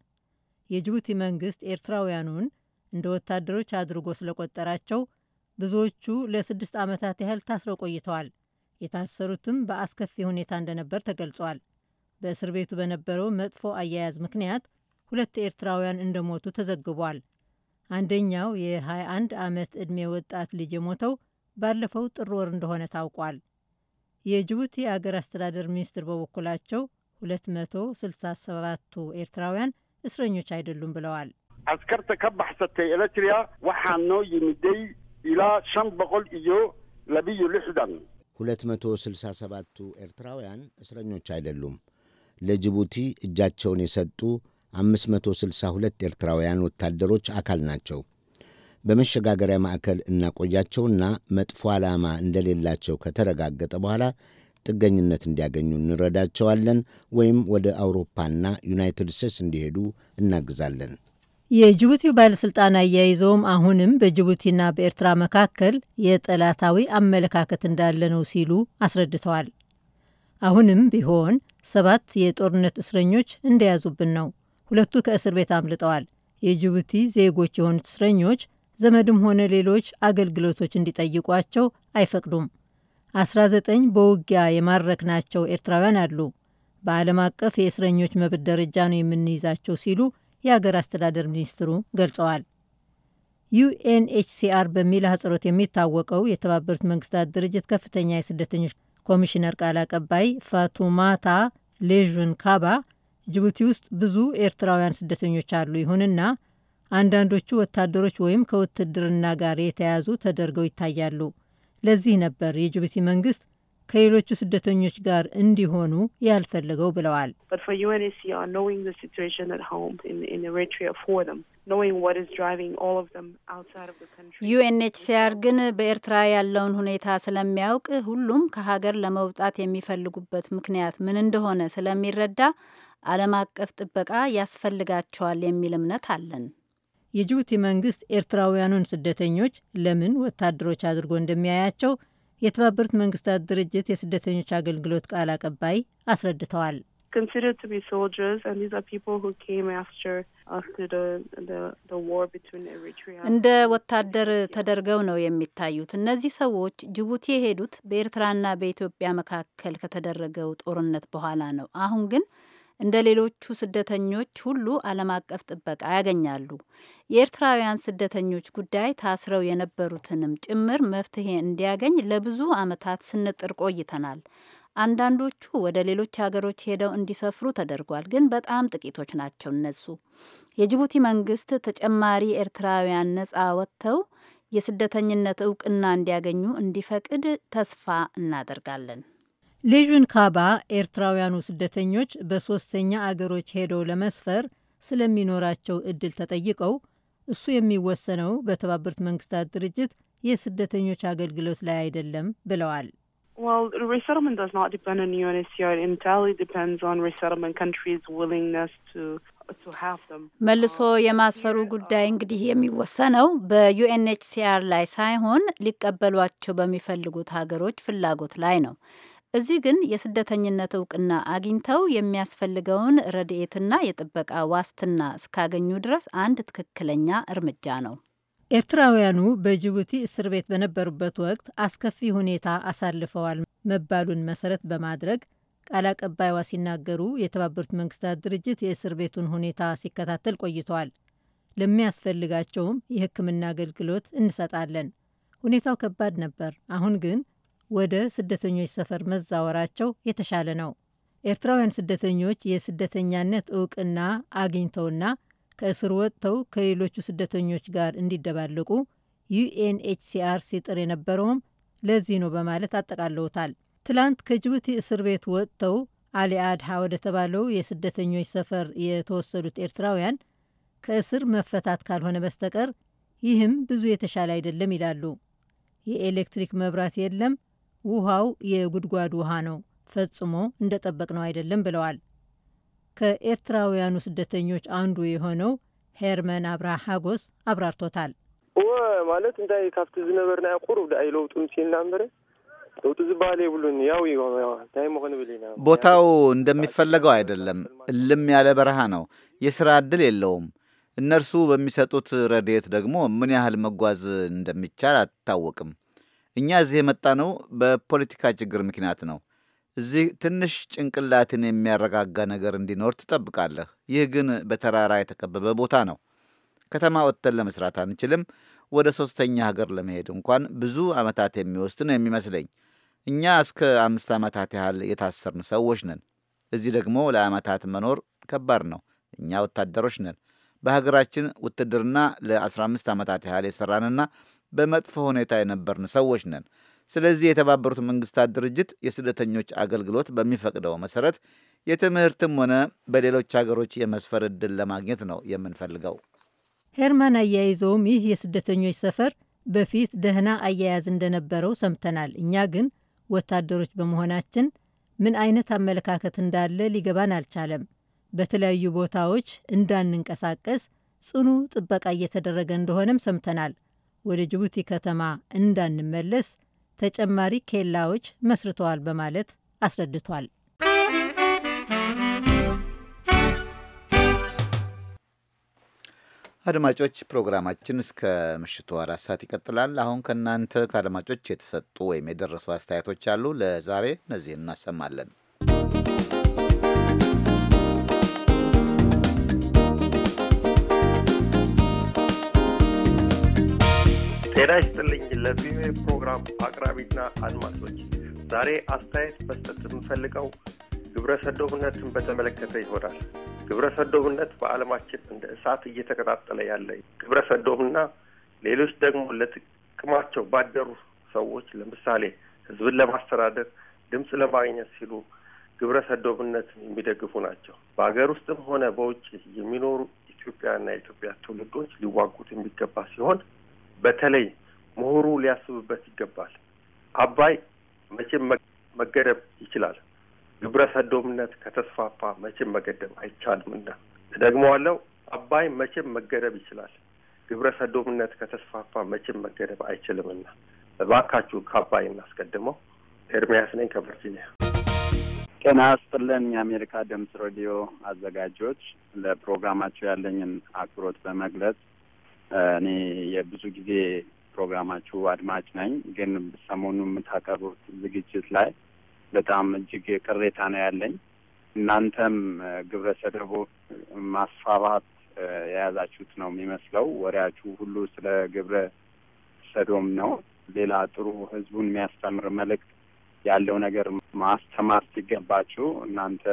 የጅቡቲ መንግስት ኤርትራውያኑን እንደ ወታደሮች አድርጎ ስለቆጠራቸው ብዙዎቹ ለስድስት ዓመታት ያህል ታስረው ቆይተዋል። የታሰሩትም በአስከፊ ሁኔታ እንደነበር ተገልጿል። በእስር ቤቱ በነበረው መጥፎ አያያዝ ምክንያት ሁለት ኤርትራውያን እንደሞቱ ተዘግቧል። አንደኛው የ21 ዓመት ዕድሜ ወጣት ልጅ የሞተው ባለፈው ጥር ወር እንደሆነ ታውቋል። የጅቡቲ አገር አስተዳደር ሚኒስትር በበኩላቸው 267ቱ ኤርትራውያን እስረኞች አይደሉም ብለዋል። አስከርተ ከባሕሰተ ኤለትሪያ ወሓኖ ይምደይ ኢላ ሸን በቆል እዮ ለብዩ ልሕዳን 267ቱ ኤርትራውያን እስረኞች አይደሉም። ለጅቡቲ እጃቸውን የሰጡ 562 ኤርትራውያን ወታደሮች አካል ናቸው። በመሸጋገሪያ ማዕከል እናቆያቸውና መጥፎ ዓላማ እንደሌላቸው ከተረጋገጠ በኋላ ጥገኝነት እንዲያገኙ እንረዳቸዋለን ወይም ወደ አውሮፓና ዩናይትድ ስቴትስ እንዲሄዱ እናግዛለን። የጅቡቲው ባለሥልጣን አያይዘውም አሁንም በጅቡቲና በኤርትራ መካከል የጠላታዊ አመለካከት እንዳለ ነው ሲሉ አስረድተዋል። አሁንም ቢሆን ሰባት የጦርነት እስረኞች እንደያዙብን ነው። ሁለቱ ከእስር ቤት አምልጠዋል። የጅቡቲ ዜጎች የሆኑት እስረኞች ዘመድም ሆነ ሌሎች አገልግሎቶች እንዲጠይቋቸው አይፈቅዱም። 19 በውጊያ የማረክናቸው ኤርትራውያን አሉ። በዓለም አቀፍ የእስረኞች መብት ደረጃ ነው የምንይዛቸው ሲሉ የአገር አስተዳደር ሚኒስትሩ ገልጸዋል። ዩኤንኤችሲአር በሚል አህጽሮት የሚታወቀው የተባበሩት መንግስታት ድርጅት ከፍተኛ የስደተኞች ኮሚሽነር ቃል አቀባይ ፋቱማታ ሌዥን ካባ ጅቡቲ ውስጥ ብዙ ኤርትራውያን ስደተኞች አሉ፣ ይሁንና አንዳንዶቹ ወታደሮች ወይም ከውትድርና ጋር የተያያዙ ተደርገው ይታያሉ። ለዚህ ነበር የጅቡቲ መንግስት ከሌሎቹ ስደተኞች ጋር እንዲሆኑ ያልፈለገው ብለዋል። ዩኤንኤችሲአር uh, ግን በኤርትራ ያለውን ሁኔታ ስለሚያውቅ ሁሉም ከሀገር ለመውጣት የሚፈልጉበት ምክንያት ምን እንደሆነ ስለሚረዳ ዓለም አቀፍ ጥበቃ ያስፈልጋቸዋል የሚል እምነት አለን። የጅቡቲ መንግስት ኤርትራውያኑን ስደተኞች ለምን ወታደሮች አድርጎ እንደሚያያቸው የተባበሩት መንግስታት ድርጅት የስደተኞች አገልግሎት ቃል አቀባይ አስረድተዋል። እንደ ወታደር ተደርገው ነው የሚታዩት። እነዚህ ሰዎች ጅቡቲ የሄዱት በኤርትራና በኢትዮጵያ መካከል ከተደረገው ጦርነት በኋላ ነው። አሁን ግን እንደ ሌሎቹ ስደተኞች ሁሉ ዓለም አቀፍ ጥበቃ ያገኛሉ። የኤርትራውያን ስደተኞች ጉዳይ ታስረው የነበሩትንም ጭምር መፍትሄ እንዲያገኝ ለብዙ ዓመታት ስንጥር ቆይተናል። አንዳንዶቹ ወደ ሌሎች ሀገሮች ሄደው እንዲሰፍሩ ተደርጓል። ግን በጣም ጥቂቶች ናቸው። እነሱ የጅቡቲ መንግስት ተጨማሪ ኤርትራውያን ነጻ ወጥተው የስደተኝነት እውቅና እንዲያገኙ እንዲፈቅድ ተስፋ እናደርጋለን። ሌዥን ካባ ኤርትራውያኑ ስደተኞች በሶስተኛ አገሮች ሄደው ለመስፈር ስለሚኖራቸው እድል ተጠይቀው እሱ የሚወሰነው በተባበሩት መንግስታት ድርጅት የስደተኞች አገልግሎት ላይ አይደለም ብለዋል። መልሶ የማስፈሩ ጉዳይ እንግዲህ የሚወሰነው በዩኤንኤችሲአር ላይ ሳይሆን ሊቀበሏቸው በሚፈልጉት ሀገሮች ፍላጎት ላይ ነው። እዚህ ግን የስደተኝነት እውቅና አግኝተው የሚያስፈልገውን ረድኤትና የጥበቃ ዋስትና እስካገኙ ድረስ አንድ ትክክለኛ እርምጃ ነው። ኤርትራውያኑ በጅቡቲ እስር ቤት በነበሩበት ወቅት አስከፊ ሁኔታ አሳልፈዋል መባሉን መሰረት በማድረግ ቃል አቀባይዋ ሲናገሩ የተባበሩት መንግስታት ድርጅት የእስር ቤቱን ሁኔታ ሲከታተል ቆይቷል። ለሚያስፈልጋቸውም የሕክምና አገልግሎት እንሰጣለን። ሁኔታው ከባድ ነበር። አሁን ግን ወደ ስደተኞች ሰፈር መዛወራቸው የተሻለ ነው። ኤርትራውያን ስደተኞች የስደተኛነት እውቅና አግኝተውና ከእስር ወጥተው ከሌሎቹ ስደተኞች ጋር እንዲደባለቁ ዩኤንኤችሲአር ሲጥር የነበረውም ለዚህ ነው በማለት አጠቃለውታል። ትላንት ከጅቡቲ እስር ቤት ወጥተው አሊ አድሃ ወደ ተባለው የስደተኞች ሰፈር የተወሰዱት ኤርትራውያን ከእስር መፈታት ካልሆነ በስተቀር ይህም ብዙ የተሻለ አይደለም ይላሉ። የኤሌክትሪክ መብራት የለም፣ ውሃው የጉድጓድ ውሃ ነው፣ ፈጽሞ እንደጠበቅነው አይደለም ብለዋል። ከኤርትራውያኑ ስደተኞች አንዱ የሆነው ሄርመን አብርሃ ሓጎስ አብራርቶታል። ማለት እንታይ ካብቲ ናይ ቁሩብ ዳኣይ ለውጡ ምሲልና እምበረ ለውጡ ዝበሃል የብሉን ያው እንታይ ሞክን ብል ኢና ቦታው እንደሚፈለገው አይደለም። እልም ያለ በረሃ ነው። የስራ ዕድል የለውም። እነርሱ በሚሰጡት ረድኤት ደግሞ ምን ያህል መጓዝ እንደሚቻል አታወቅም። እኛ እዚህ የመጣነው በፖለቲካ ችግር ምክንያት ነው። እዚህ ትንሽ ጭንቅላትን የሚያረጋጋ ነገር እንዲኖር ትጠብቃለህ። ይህ ግን በተራራ የተከበበ ቦታ ነው። ከተማ ወጥተን ለመስራት አንችልም። ወደ ሶስተኛ ሀገር ለመሄድ እንኳን ብዙ ዓመታት የሚወስድ ነው የሚመስለኝ። እኛ እስከ አምስት ዓመታት ያህል የታሰርን ሰዎች ነን። እዚህ ደግሞ ለዓመታት መኖር ከባድ ነው። እኛ ወታደሮች ነን። በሀገራችን ውትድርና ለ15 ዓመታት ያህል የሠራንና በመጥፎ ሁኔታ የነበርን ሰዎች ነን። ስለዚህ የተባበሩት መንግስታት ድርጅት የስደተኞች አገልግሎት በሚፈቅደው መሰረት የትምህርትም ሆነ በሌሎች ሀገሮች የመስፈር እድል ለማግኘት ነው የምንፈልገው። ሄርማን አያይዘውም ይህ የስደተኞች ሰፈር በፊት ደህና አያያዝ እንደነበረው ሰምተናል። እኛ ግን ወታደሮች በመሆናችን ምን አይነት አመለካከት እንዳለ ሊገባን አልቻለም። በተለያዩ ቦታዎች እንዳንንቀሳቀስ ጽኑ ጥበቃ እየተደረገ እንደሆነም ሰምተናል። ወደ ጅቡቲ ከተማ እንዳንመለስ ተጨማሪ ኬላዎች መስርተዋል በማለት አስረድቷል። አድማጮች ፕሮግራማችን እስከ ምሽቱ አራት ሰዓት ይቀጥላል። አሁን ከእናንተ ከአድማጮች የተሰጡ ወይም የደረሱ አስተያየቶች አሉ። ለዛሬ እነዚህን እናሰማለን። ጤና ይስጥልኝ። ለቪኦኤ ፕሮግራም አቅራቢና አድማጮች ዛሬ አስተያየት መስጠት የምፈልገው ግብረ ሰዶብነትን በተመለከተ ይሆናል። ግብረ ሰዶብነት በአለማችን እንደ እሳት እየተቀጣጠለ ያለ ግብረ ሰዶብና ሌሎች ደግሞ ለጥቅማቸው ባደሩ ሰዎች ለምሳሌ ህዝብን ለማስተዳደር ድምፅ ለማግኘት ሲሉ ግብረ ሰዶብነትን የሚደግፉ ናቸው። በሀገር ውስጥም ሆነ በውጭ የሚኖሩ ኢትዮጵያና የኢትዮጵያ ትውልዶች ሊዋጉት የሚገባ ሲሆን በተለይ ምሁሩ ሊያስብበት ይገባል። አባይ መቼም መገደብ ይችላል። ግብረ ሰዶምነት ከተስፋፋ መቼም መገደብ አይቻልምና እደግመዋለሁ። አባይ መቼም መገደብ ይችላል። ግብረ ሰዶምነት ከተስፋፋ መቼም መገደብ አይችልምና እባካችሁ ከአባይ እናስቀድመው። ኤርሚያስ ነኝ ከቨርጂኒያ። ጤና ይስጥልን። የአሜሪካ ድምጽ ሬዲዮ አዘጋጆች፣ ለፕሮግራማቸው ያለኝን አክብሮት በመግለጽ እኔ የብዙ ጊዜ ፕሮግራማችሁ አድማጭ ነኝ። ግን ሰሞኑ የምታቀርቡት ዝግጅት ላይ በጣም እጅግ ቅሬታ ነው ያለኝ። እናንተም ግብረ ሰደቦ ማስፋፋት የያዛችሁት ነው የሚመስለው። ወሬያችሁ ሁሉ ስለ ግብረ ሰዶም ነው። ሌላ ጥሩ ህዝቡን የሚያስተምር መልእክት ያለው ነገር ማስተማር ሲገባችሁ እናንተ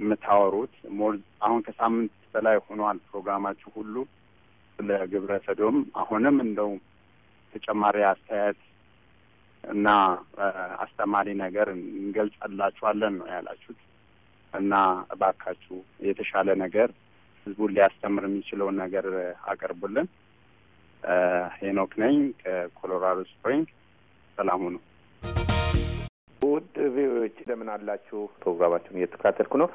የምታወሩት ሞር አሁን ከሳምንት በላይ ሆኗል ፕሮግራማችሁ ሁሉ ስለ ግብረ ሰዶም አሁንም እንደው ተጨማሪ አስተያየት እና አስተማሪ ነገር እንገልጸላችኋለን ነው ያላችሁት እና እባካችሁ የተሻለ ነገር ህዝቡን ሊያስተምር የሚችለውን ነገር አቅርቡልን። ሄኖክ ነኝ ከኮሎራዶ ስፕሪንግ። ሰላሙ ነው። ውድ ቪዎች እንደምን አላችሁ? ፕሮግራማችሁን እየተከታተልኩ ነው።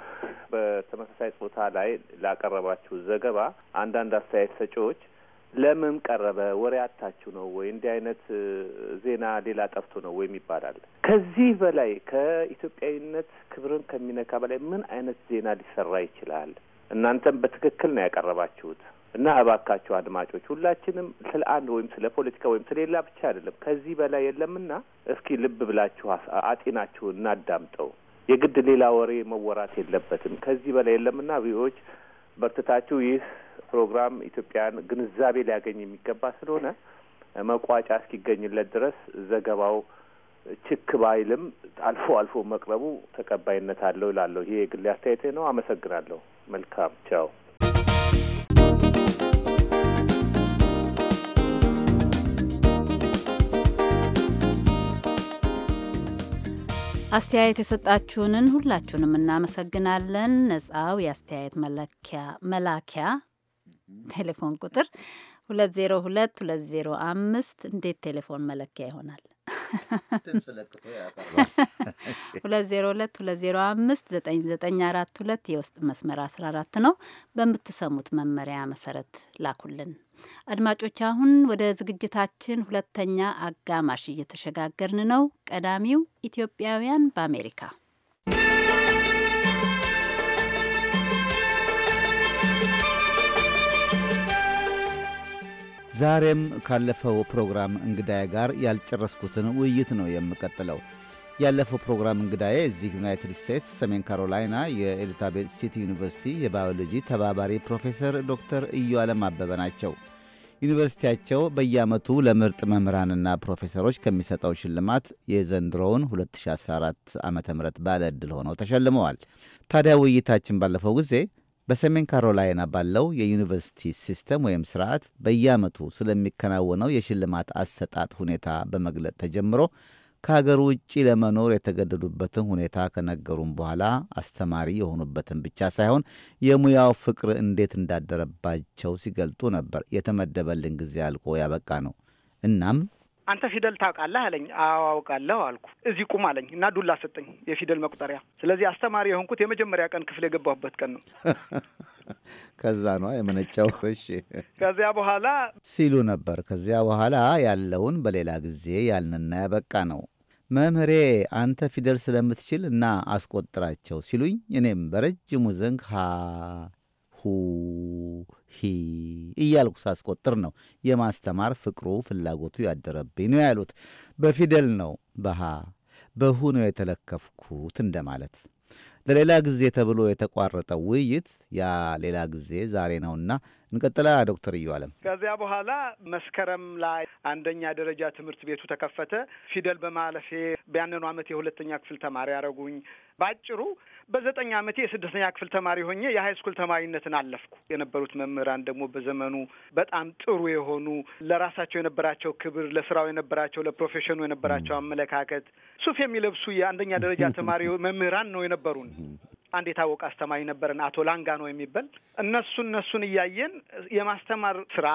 በተመሳሳይ ጾታ ላይ ላቀረባችሁ ዘገባ አንዳንድ አስተያየት ሰጪዎች ለምን ቀረበ? ወሬ አታችሁ ነው ወይ? እንዲህ አይነት ዜና ሌላ ጠፍቶ ነው ወይም ይባላል። ከዚህ በላይ ከኢትዮጵያዊነት ክብርን ከሚነካ በላይ ምን አይነት ዜና ሊሰራ ይችላል? እናንተም በትክክል ነው ያቀረባችሁት። እና እባካቸው አድማጮች ሁላችንም ስለ አንድ ወይም ስለ ፖለቲካ ወይም ስለሌላ ብቻ አይደለም ከዚህ በላይ የለምና እስኪ ልብ ብላችሁ አጢናችሁ እናዳምጠው። የግድ ሌላ ወሬ መወራት የለበትም። ከዚህ በላይ የለምና ቪዎች በርትታችሁ ይህ ፕሮግራም ኢትዮጵያን ግንዛቤ ሊያገኝ የሚገባ ስለሆነ መቋጫ እስኪገኝለት ድረስ ዘገባው ችክ ባይልም አልፎ አልፎ መቅረቡ ተቀባይነት አለው ይላለሁ። ይሄ የግሌ አስተያየቴ ነው። አመሰግናለሁ። መልካም ቻው። አስተያየት የሰጣችሁንን ሁላችሁንም እናመሰግናለን። ነጻው የአስተያየት መላኪያ ቴሌፎን ቁጥር 202 205 እንዴት ቴሌፎን መለኪያ ይሆናል? 2022059942 የውስጥ መስመር 14 ነው። በምትሰሙት መመሪያ መሰረት ላኩልን። አድማጮች፣ አሁን ወደ ዝግጅታችን ሁለተኛ አጋማሽ እየተሸጋገርን ነው። ቀዳሚው ኢትዮጵያውያን በአሜሪካ ዛሬም ካለፈው ፕሮግራም እንግዳዬ ጋር ያልጨረስኩትን ውይይት ነው የምቀጥለው። ያለፈው ፕሮግራም እንግዳዬ እዚህ ዩናይትድ ስቴትስ ሰሜን ካሮላይና የኤልታቤት ሲቲ ዩኒቨርሲቲ የባዮሎጂ ተባባሪ ፕሮፌሰር ዶክተር እዩ አለም አበበ ናቸው። ዩኒቨርሲቲያቸው በየዓመቱ ለምርጥ መምህራንና ፕሮፌሰሮች ከሚሰጠው ሽልማት የዘንድሮውን 2014 ዓ ም ባለ ዕድል ሆነው ተሸልመዋል። ታዲያ ውይይታችን ባለፈው ጊዜ በሰሜን ካሮላይና ባለው የዩኒቨርሲቲ ሲስተም ወይም ስርዓት በየዓመቱ ስለሚከናወነው የሽልማት አሰጣጥ ሁኔታ በመግለጥ ተጀምሮ ከሀገር ውጭ ለመኖር የተገደዱበትን ሁኔታ ከነገሩም በኋላ አስተማሪ የሆኑበትን ብቻ ሳይሆን የሙያው ፍቅር እንዴት እንዳደረባቸው ሲገልጡ ነበር። የተመደበልን ጊዜ አልቆ ያበቃ ነው። እናም አንተ ፊደል ታውቃለህ አለኝ። አዎ አውቃለሁ አልኩ። እዚህ ቁም አለኝ እና ዱላ ሰጠኝ፣ የፊደል መቁጠሪያ። ስለዚህ አስተማሪ የሆንኩት የመጀመሪያ ቀን ክፍል የገባሁበት ቀን ነው። [LAUGHS] ከዛ ነው የመነጨው። እሺ ከዚያ በኋላ ሲሉ ነበር። ከዚያ በኋላ ያለውን በሌላ ጊዜ ያልንና ያበቃ ነው። መምህሬ አንተ ፊደል ስለምትችል እና አስቆጥራቸው ሲሉኝ እኔም በረጅሙ ዘንግ ሀ ሁ ሂ እያልኩ ሳስቆጥር ነው የማስተማር ፍቅሩ ፍላጎቱ ያደረብኝ ነው ያሉት። በፊደል ነው በሃ በሁ ነው የተለከፍኩት እንደማለት ለሌላ ጊዜ ተብሎ የተቋረጠው ውይይት ያ ሌላ ጊዜ ዛሬ ነውና እንቀጥላ ዶክተር እዩ አለም። ከዚያ በኋላ መስከረም ላይ አንደኛ ደረጃ ትምህርት ቤቱ ተከፈተ። ፊደል በማለፌ በያንኑ ዓመት የሁለተኛ ክፍል ተማሪ ያደረጉኝ። ባጭሩ በዘጠኝ አመቴ የስድስተኛ ክፍል ተማሪ ሆኜ የሀይስኩል ተማሪነትን አለፍኩ። የነበሩት መምህራን ደግሞ በዘመኑ በጣም ጥሩ የሆኑ ለራሳቸው የነበራቸው ክብር፣ ለስራው የነበራቸው፣ ለፕሮፌሽኑ የነበራቸው አመለካከት ሱፍ የሚለብሱ የአንደኛ ደረጃ [LAUGHS] ተማሪ መምህራን ነው የነበሩን። አንድ የታወቀ አስተማሪ ነበረን አቶ ላንጋኖ የሚባል እነሱ እነሱን እያየን የማስተማር ስራ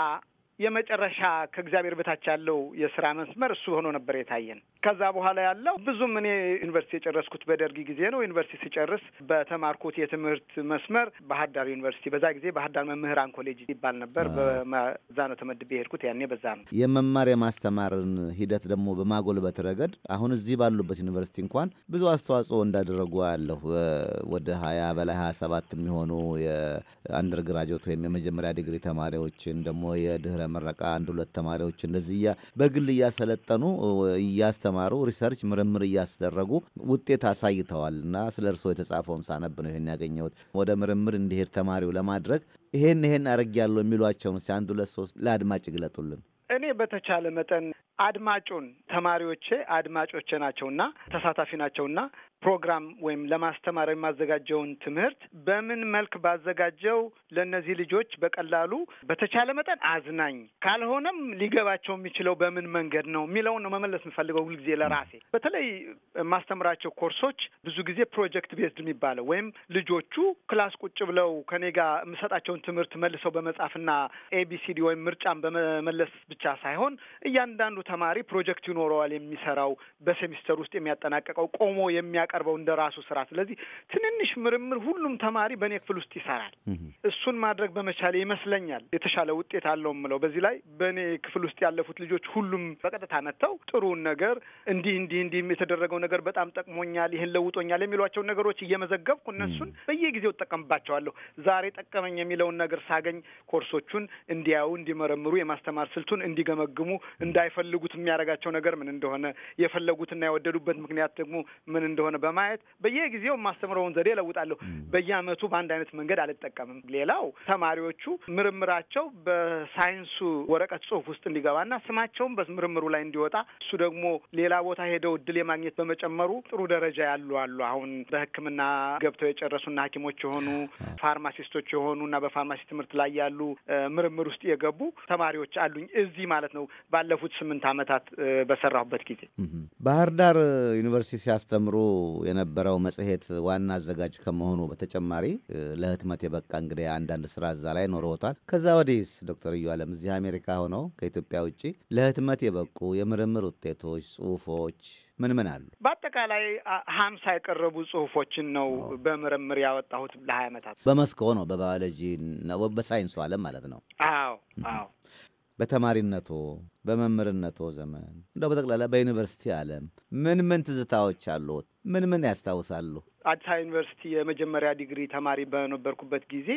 የመጨረሻ ከእግዚአብሔር በታች ያለው የስራ መስመር እሱ ሆኖ ነበር የታየን። ከዛ በኋላ ያለው ብዙም እኔ ዩኒቨርሲቲ የጨረስኩት በደርግ ጊዜ ነው። ዩኒቨርሲቲ ሲጨርስ በተማርኩት የትምህርት መስመር ባህር ዳር ዩኒቨርሲቲ፣ በዛ ጊዜ ባህር ዳር መምህራን ኮሌጅ ይባል ነበር። በዛ ነው ተመድቤ የሄድኩት። ያኔ በዛ ነው የመማር የማስተማርን ሂደት ደግሞ በማጎልበት ረገድ አሁን እዚህ ባሉበት ዩኒቨርሲቲ እንኳን ብዙ አስተዋጽኦ እንዳደረጉ አለሁ። ወደ ሀያ በላይ ሀያ ሰባት የሚሆኑ የአንደር ግራጅዌት ወይም የመጀመሪያ ዲግሪ ተማሪዎችን ደግሞ የድህረ ምረቃ አንድ ሁለት ተማሪዎች እንደዚህ እያ በግል እያሰለጠኑ እያስተማሩ ሪሰርች ምርምር እያስደረጉ ውጤት አሳይተዋል እና ስለ እርስዎ የተጻፈውን ሳነብ ነው ይሄን ያገኘሁት። ወደ ምርምር እንዲሄድ ተማሪው ለማድረግ ይሄን ይሄን አድርጌያለሁ የሚሏቸውን እስኪ አንድ ሁለት ሶስት ለአድማጭ ይግለጡልን። እኔ በተቻለ መጠን አድማጩን ተማሪዎቼ አድማጮቼ ናቸውና ተሳታፊ ናቸውና ፕሮግራም ወይም ለማስተማር የማዘጋጀውን ትምህርት በምን መልክ ባዘጋጀው ለእነዚህ ልጆች በቀላሉ በተቻለ መጠን አዝናኝ ካልሆነም ሊገባቸው የሚችለው በምን መንገድ ነው የሚለውን ነው መመለስ የምፈልገው ሁልጊዜ ለራሴ። በተለይ የማስተምራቸው ኮርሶች ብዙ ጊዜ ፕሮጀክት ቤዝድ የሚባለው ወይም ልጆቹ ክላስ ቁጭ ብለው ከኔ ጋር የምሰጣቸውን ትምህርት መልሰው በመጻፍና ኤቢሲዲ ወይም ምርጫን በመመለስ ብቻ ሳይሆን እያንዳንዱ ተማሪ ፕሮጀክት ይኖረዋል የሚሰራው በሴሚስተር ውስጥ የሚያጠናቀቀው ቆሞ የሚያቀ የሚያቀርበው እንደ ራሱ ስራ። ስለዚህ ትንንሽ ምርምር ሁሉም ተማሪ በእኔ ክፍል ውስጥ ይሰራል። እሱን ማድረግ በመቻሌ ይመስለኛል የተሻለ ውጤት አለው የምለው። በዚህ ላይ በእኔ ክፍል ውስጥ ያለፉት ልጆች ሁሉም በቀጥታ መጥተው ጥሩን ነገር እንዲህ እንዲህ እንዲህ የተደረገው ነገር በጣም ጠቅሞኛል፣ ይህን ለውጦኛል የሚሏቸውን ነገሮች እየመዘገብኩ እነሱን በየጊዜው እጠቀምባቸዋለሁ። ዛሬ ጠቀመኝ የሚለውን ነገር ሳገኝ ኮርሶቹን እንዲያዩ እንዲመረምሩ የማስተማር ስልቱን እንዲገመግሙ እንዳይፈልጉት የሚያደርጋቸው ነገር ምን እንደሆነ የፈለጉትና የወደዱበት ምክንያት ደግሞ ምን እንደሆነ እንደሆነ በማየት በየጊዜው የማስተምረውን ዘዴ እለውጣለሁ። በየአመቱ በአንድ አይነት መንገድ አልጠቀምም። ሌላው ተማሪዎቹ ምርምራቸው በሳይንሱ ወረቀት ጽሁፍ ውስጥ እንዲገባና ስማቸውን በምርምሩ ላይ እንዲወጣ እሱ ደግሞ ሌላ ቦታ ሄደው እድል የማግኘት በመጨመሩ ጥሩ ደረጃ ያሉ አሉ። አሁን በሕክምና ገብተው የጨረሱና ሐኪሞች የሆኑ ፋርማሲስቶች የሆኑ እና በፋርማሲ ትምህርት ላይ ያሉ ምርምር ውስጥ የገቡ ተማሪዎች አሉኝ እዚህ ማለት ነው። ባለፉት ስምንት አመታት በሰራሁበት ጊዜ ባህር ዳር ዩኒቨርሲቲ ሲያስተምሩ የነበረው መጽሔት ዋና አዘጋጅ ከመሆኑ በተጨማሪ ለህትመት የበቃ እንግዲህ አንዳንድ ስራ እዛ ላይ ኖረውታል። ከዛ ወዲህስ ዶክተር እዩ አለም እዚህ አሜሪካ ሆነው ከኢትዮጵያ ውጭ ለህትመት የበቁ የምርምር ውጤቶች፣ ጽሁፎች ምን ምን አሉ? በአጠቃላይ ሀምሳ የቀረቡ ጽሁፎችን ነው በምርምር ያወጣሁት ለሀያ ዓመታት በመስኮ ነው በባዮሎጂ ነው በሳይንሱ አለም ማለት ነው። አዎ አዎ በተማሪነቶ በመምህርነቶ ዘመን እንደው በጠቅላላ በዩኒቨርሲቲ አለም ምን ምን ትዝታዎች አሉት? ምን ምን ያስታውሳሉ? አዲስ አበባ ዩኒቨርሲቲ የመጀመሪያ ዲግሪ ተማሪ በነበርኩበት ጊዜ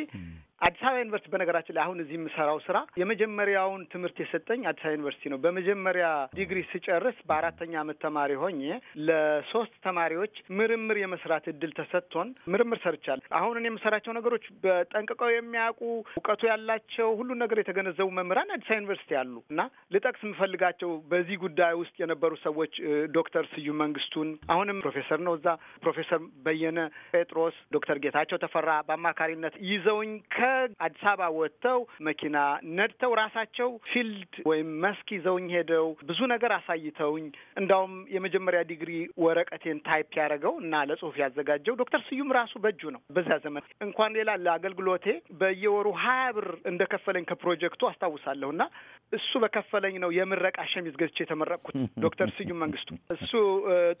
አዲስ አበባ ዩኒቨርሲቲ በነገራችን ላይ አሁን እዚህ የምሰራው ስራ የመጀመሪያውን ትምህርት የሰጠኝ አዲስ አበባ ዩኒቨርሲቲ ነው። በመጀመሪያ ዲግሪ ስጨርስ በአራተኛ ዓመት ተማሪ ሆኜ ለሶስት ተማሪዎች ምርምር የመስራት እድል ተሰጥቶን ምርምር ሰርቻል። አሁን እኔ የምሰራቸው ነገሮች በጠንቅቀው የሚያውቁ እውቀቱ ያላቸው ሁሉን ነገር የተገነዘቡ መምህራን አዲስ አበባ ዩኒቨርሲቲ አሉ እና ልጠቅስ የምፈልጋቸው በዚህ ጉዳይ ውስጥ የነበሩ ሰዎች ዶክተር ስዩም መንግስቱን አሁንም ፕሮፌሰር ነው እዛ ፕሮፌሰር በ በየነ ጴጥሮስ፣ ዶክተር ጌታቸው ተፈራ በአማካሪነት ይዘውኝ ከአዲስ አበባ ወጥተው መኪና ነድተው ራሳቸው ፊልድ ወይም መስክ ይዘውኝ ሄደው ብዙ ነገር አሳይተውኝ እንዳውም የመጀመሪያ ዲግሪ ወረቀቴን ታይፕ ያደረገው እና ለጽሁፍ ያዘጋጀው ዶክተር ስዩም ራሱ በእጁ ነው። በዚያ ዘመን እንኳን ሌላ ለአገልግሎቴ በየወሩ ሀያ ብር እንደከፈለኝ ከፕሮጀክቱ አስታውሳለሁ እና እሱ በከፈለኝ ነው የምረቃ ሸሚዝ ገዝቼ የተመረቅኩት [LAUGHS] ዶክተር ስዩም መንግስቱ። እሱ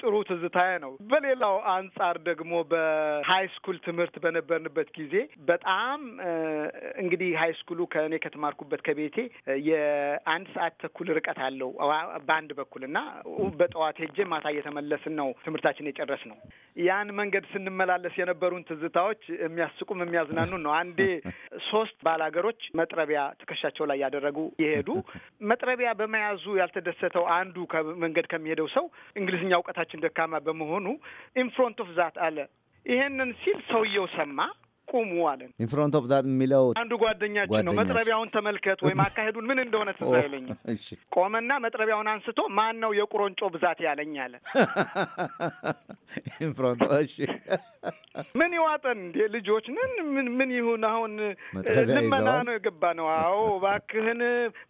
ጥሩ ትዝታዬ ነው። በሌላው አንጻር ደግሞ ደግሞ በሀይ ስኩል ትምህርት በነበርንበት ጊዜ በጣም እንግዲህ ሀይ ስኩሉ ከእኔ ከተማርኩበት ከቤቴ የአንድ ሰዓት ተኩል ርቀት አለው በአንድ በኩል እና በጠዋት ሄጄ ማታ እየተመለስን ነው ትምህርታችን የጨረስ ነው። ያን መንገድ ስንመላለስ የነበሩን ትዝታዎች የሚያስቁም የሚያዝናኑን ነው። አንዴ ሶስት ባላገሮች መጥረቢያ ትከሻቸው ላይ ያደረጉ የሄዱ [LAUGHS] መጥረቢያ በመያዙ ያልተደሰተው አንዱ መንገድ ከሚሄደው ሰው እንግሊዝኛ እውቀታችን ደካማ በመሆኑ ኢንፍሮንት ኦፍ ዛት አለ ይሄንን ሲል ሰውየው ሰማ። ቁሙ አለን። ኢንፍሮንት ኦፍ ዛት የሚለው አንዱ ጓደኛችን ነው። መጥረቢያውን ተመልከት ወይም አካሄዱን ምን እንደሆነ ስ አይለኝ [LAUGHS] ቆመና መጥረቢያውን አንስቶ ማን ነው የቁሮንጮ ብዛት ያለኝ አለ። ኢንፍሮንት [LAUGHS] እሺ፣ [LAUGHS] ምን ይዋጠን እንዴ ልጆች ነን። ምን ምን ይሁን አሁን ልመና ነው የገባ ነው። አዎ እባክህን፣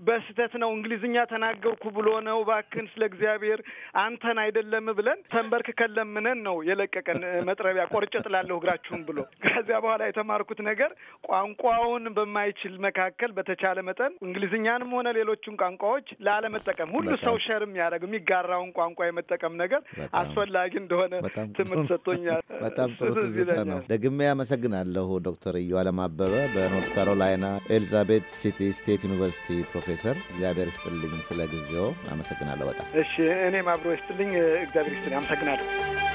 በስህተት ነው እንግሊዝኛ ተናገርኩ ብሎ ነው። እባክህን ስለ እግዚአብሔር አንተን አይደለም ብለን ተንበርክከን ለምነን ነው የለቀቀን። መጥረቢያ ቆርጬ ጥላለሁ እግራችሁን ብሎ ከዚያ በኋላ የተማርኩት ነገር ቋንቋውን በማይችል መካከል በተቻለ መጠን እንግሊዝኛንም ሆነ ሌሎቹን ቋንቋዎች ላለመጠቀም ሁሉ ሰው ሸር የሚያደርግ የሚጋራውን ቋንቋ የመጠቀም ነገር አስፈላጊ እንደሆነ ትምህርት ሰጥቶኛል። በጣም ጥሩ ትዝታ ነው። ደግሜ ያመሰግናለሁ ዶክተር እዩ አለም አበበ በኖርት ካሮላይና ኤልዛቤት ሲቲ ስቴት ዩኒቨርሲቲ ፕሮፌሰር። እግዚአብሔር ይስጥልኝ ስለ ጊዜው አመሰግናለሁ በጣም። እሺ እኔም አብሮ ይስጥልኝ። እግዚአብሔር ይስጥልኝ። አመሰግናለሁ።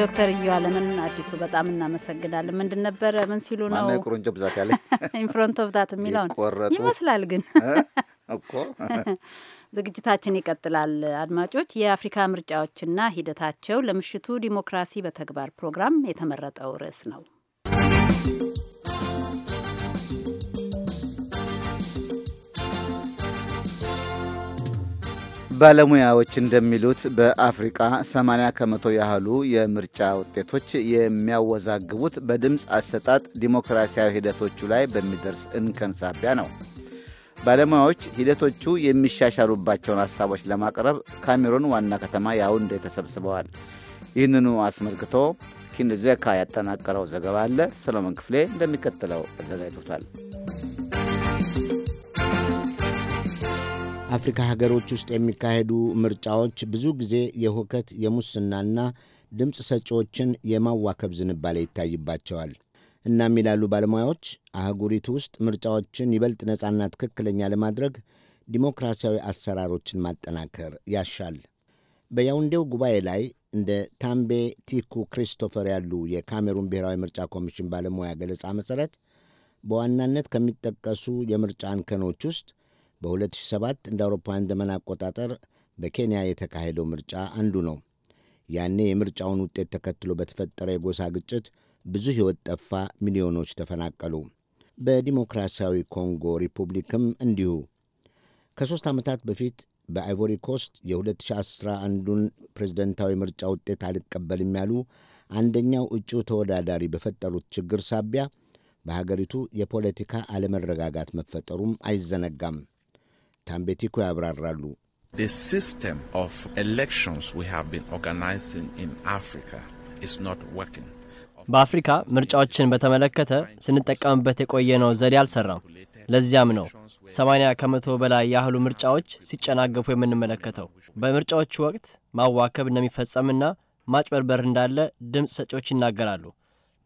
ዶክተር እዩ አለምን አዲሱ በጣም እናመሰግናለን። ምንድን ነበረ ምን ሲሉ ነው ቁርንጮ ብዛት ያለ ኢንፍሮንት ኦፍ ዳት የሚለውን ይመስላል ግን እኮ [LAUGHS] ዝግጅታችን ይቀጥላል። አድማጮች፣ የአፍሪካ ምርጫዎችና ሂደታቸው ለምሽቱ ዲሞክራሲ በተግባር ፕሮግራም የተመረጠው ርዕስ ነው። ባለሙያዎች እንደሚሉት በአፍሪቃ 80 ከመቶ ያህሉ የምርጫ ውጤቶች የሚያወዛግቡት በድምፅ አሰጣጥ ዲሞክራሲያዊ ሂደቶቹ ላይ በሚደርስ እንከን ሳቢያ ነው። ባለሙያዎች ሂደቶቹ የሚሻሻሉባቸውን ሐሳቦች ለማቅረብ ካሜሮን ዋና ከተማ ያውንዴ ተሰብስበዋል። ይህንኑ አስመልክቶ ኪንዘካ ያጠናቀረው ዘገባ አለ። ሰሎሞን ክፍሌ እንደሚከተለው አዘጋጅቶታል። አፍሪካ ሀገሮች ውስጥ የሚካሄዱ ምርጫዎች ብዙ ጊዜ የሁከት የሙስናና ድምፅ ሰጪዎችን የማዋከብ ዝንባሌ ይታይባቸዋል። እናም ይላሉ ባለሙያዎች፣ አህጉሪቱ ውስጥ ምርጫዎችን ይበልጥ ነጻና ትክክለኛ ለማድረግ ዲሞክራሲያዊ አሰራሮችን ማጠናከር ያሻል። በያውንዴው ጉባኤ ላይ እንደ ታምቤ ቲኩ ክሪስቶፈር ያሉ የካሜሩን ብሔራዊ ምርጫ ኮሚሽን ባለሙያ ገለጻ መሠረት በዋናነት ከሚጠቀሱ የምርጫ እንከኖች ውስጥ በ2007 እንደ አውሮፓውያን ዘመን አቆጣጠር በኬንያ የተካሄደው ምርጫ አንዱ ነው። ያኔ የምርጫውን ውጤት ተከትሎ በተፈጠረ የጎሳ ግጭት ብዙ ሕይወት ጠፋ፣ ሚሊዮኖች ተፈናቀሉ። በዲሞክራሲያዊ ኮንጎ ሪፑብሊክም እንዲሁ። ከሦስት ዓመታት በፊት በአይቮሪ ኮስት የ2011ን ፕሬዝደንታዊ ምርጫ ውጤት አልቀበልም ያሉ አንደኛው እጩ ተወዳዳሪ በፈጠሩት ችግር ሳቢያ በሀገሪቱ የፖለቲካ አለመረጋጋት መፈጠሩም አይዘነጋም። ታምቤቲኮ ያብራራሉ። ኦፍ በአፍሪካ ምርጫዎችን በተመለከተ ስንጠቀምበት የቆየነው ዘዴ አልሰራም። ለዚያም ነው 80 ከመቶ በላይ ያህሉ ምርጫዎች ሲጨናገፉ የምንመለከተው። በምርጫዎቹ ወቅት ማዋከብ እንደሚፈጸምና ማጭበርበር እንዳለ ድምፅ ሰጪዎች ይናገራሉ።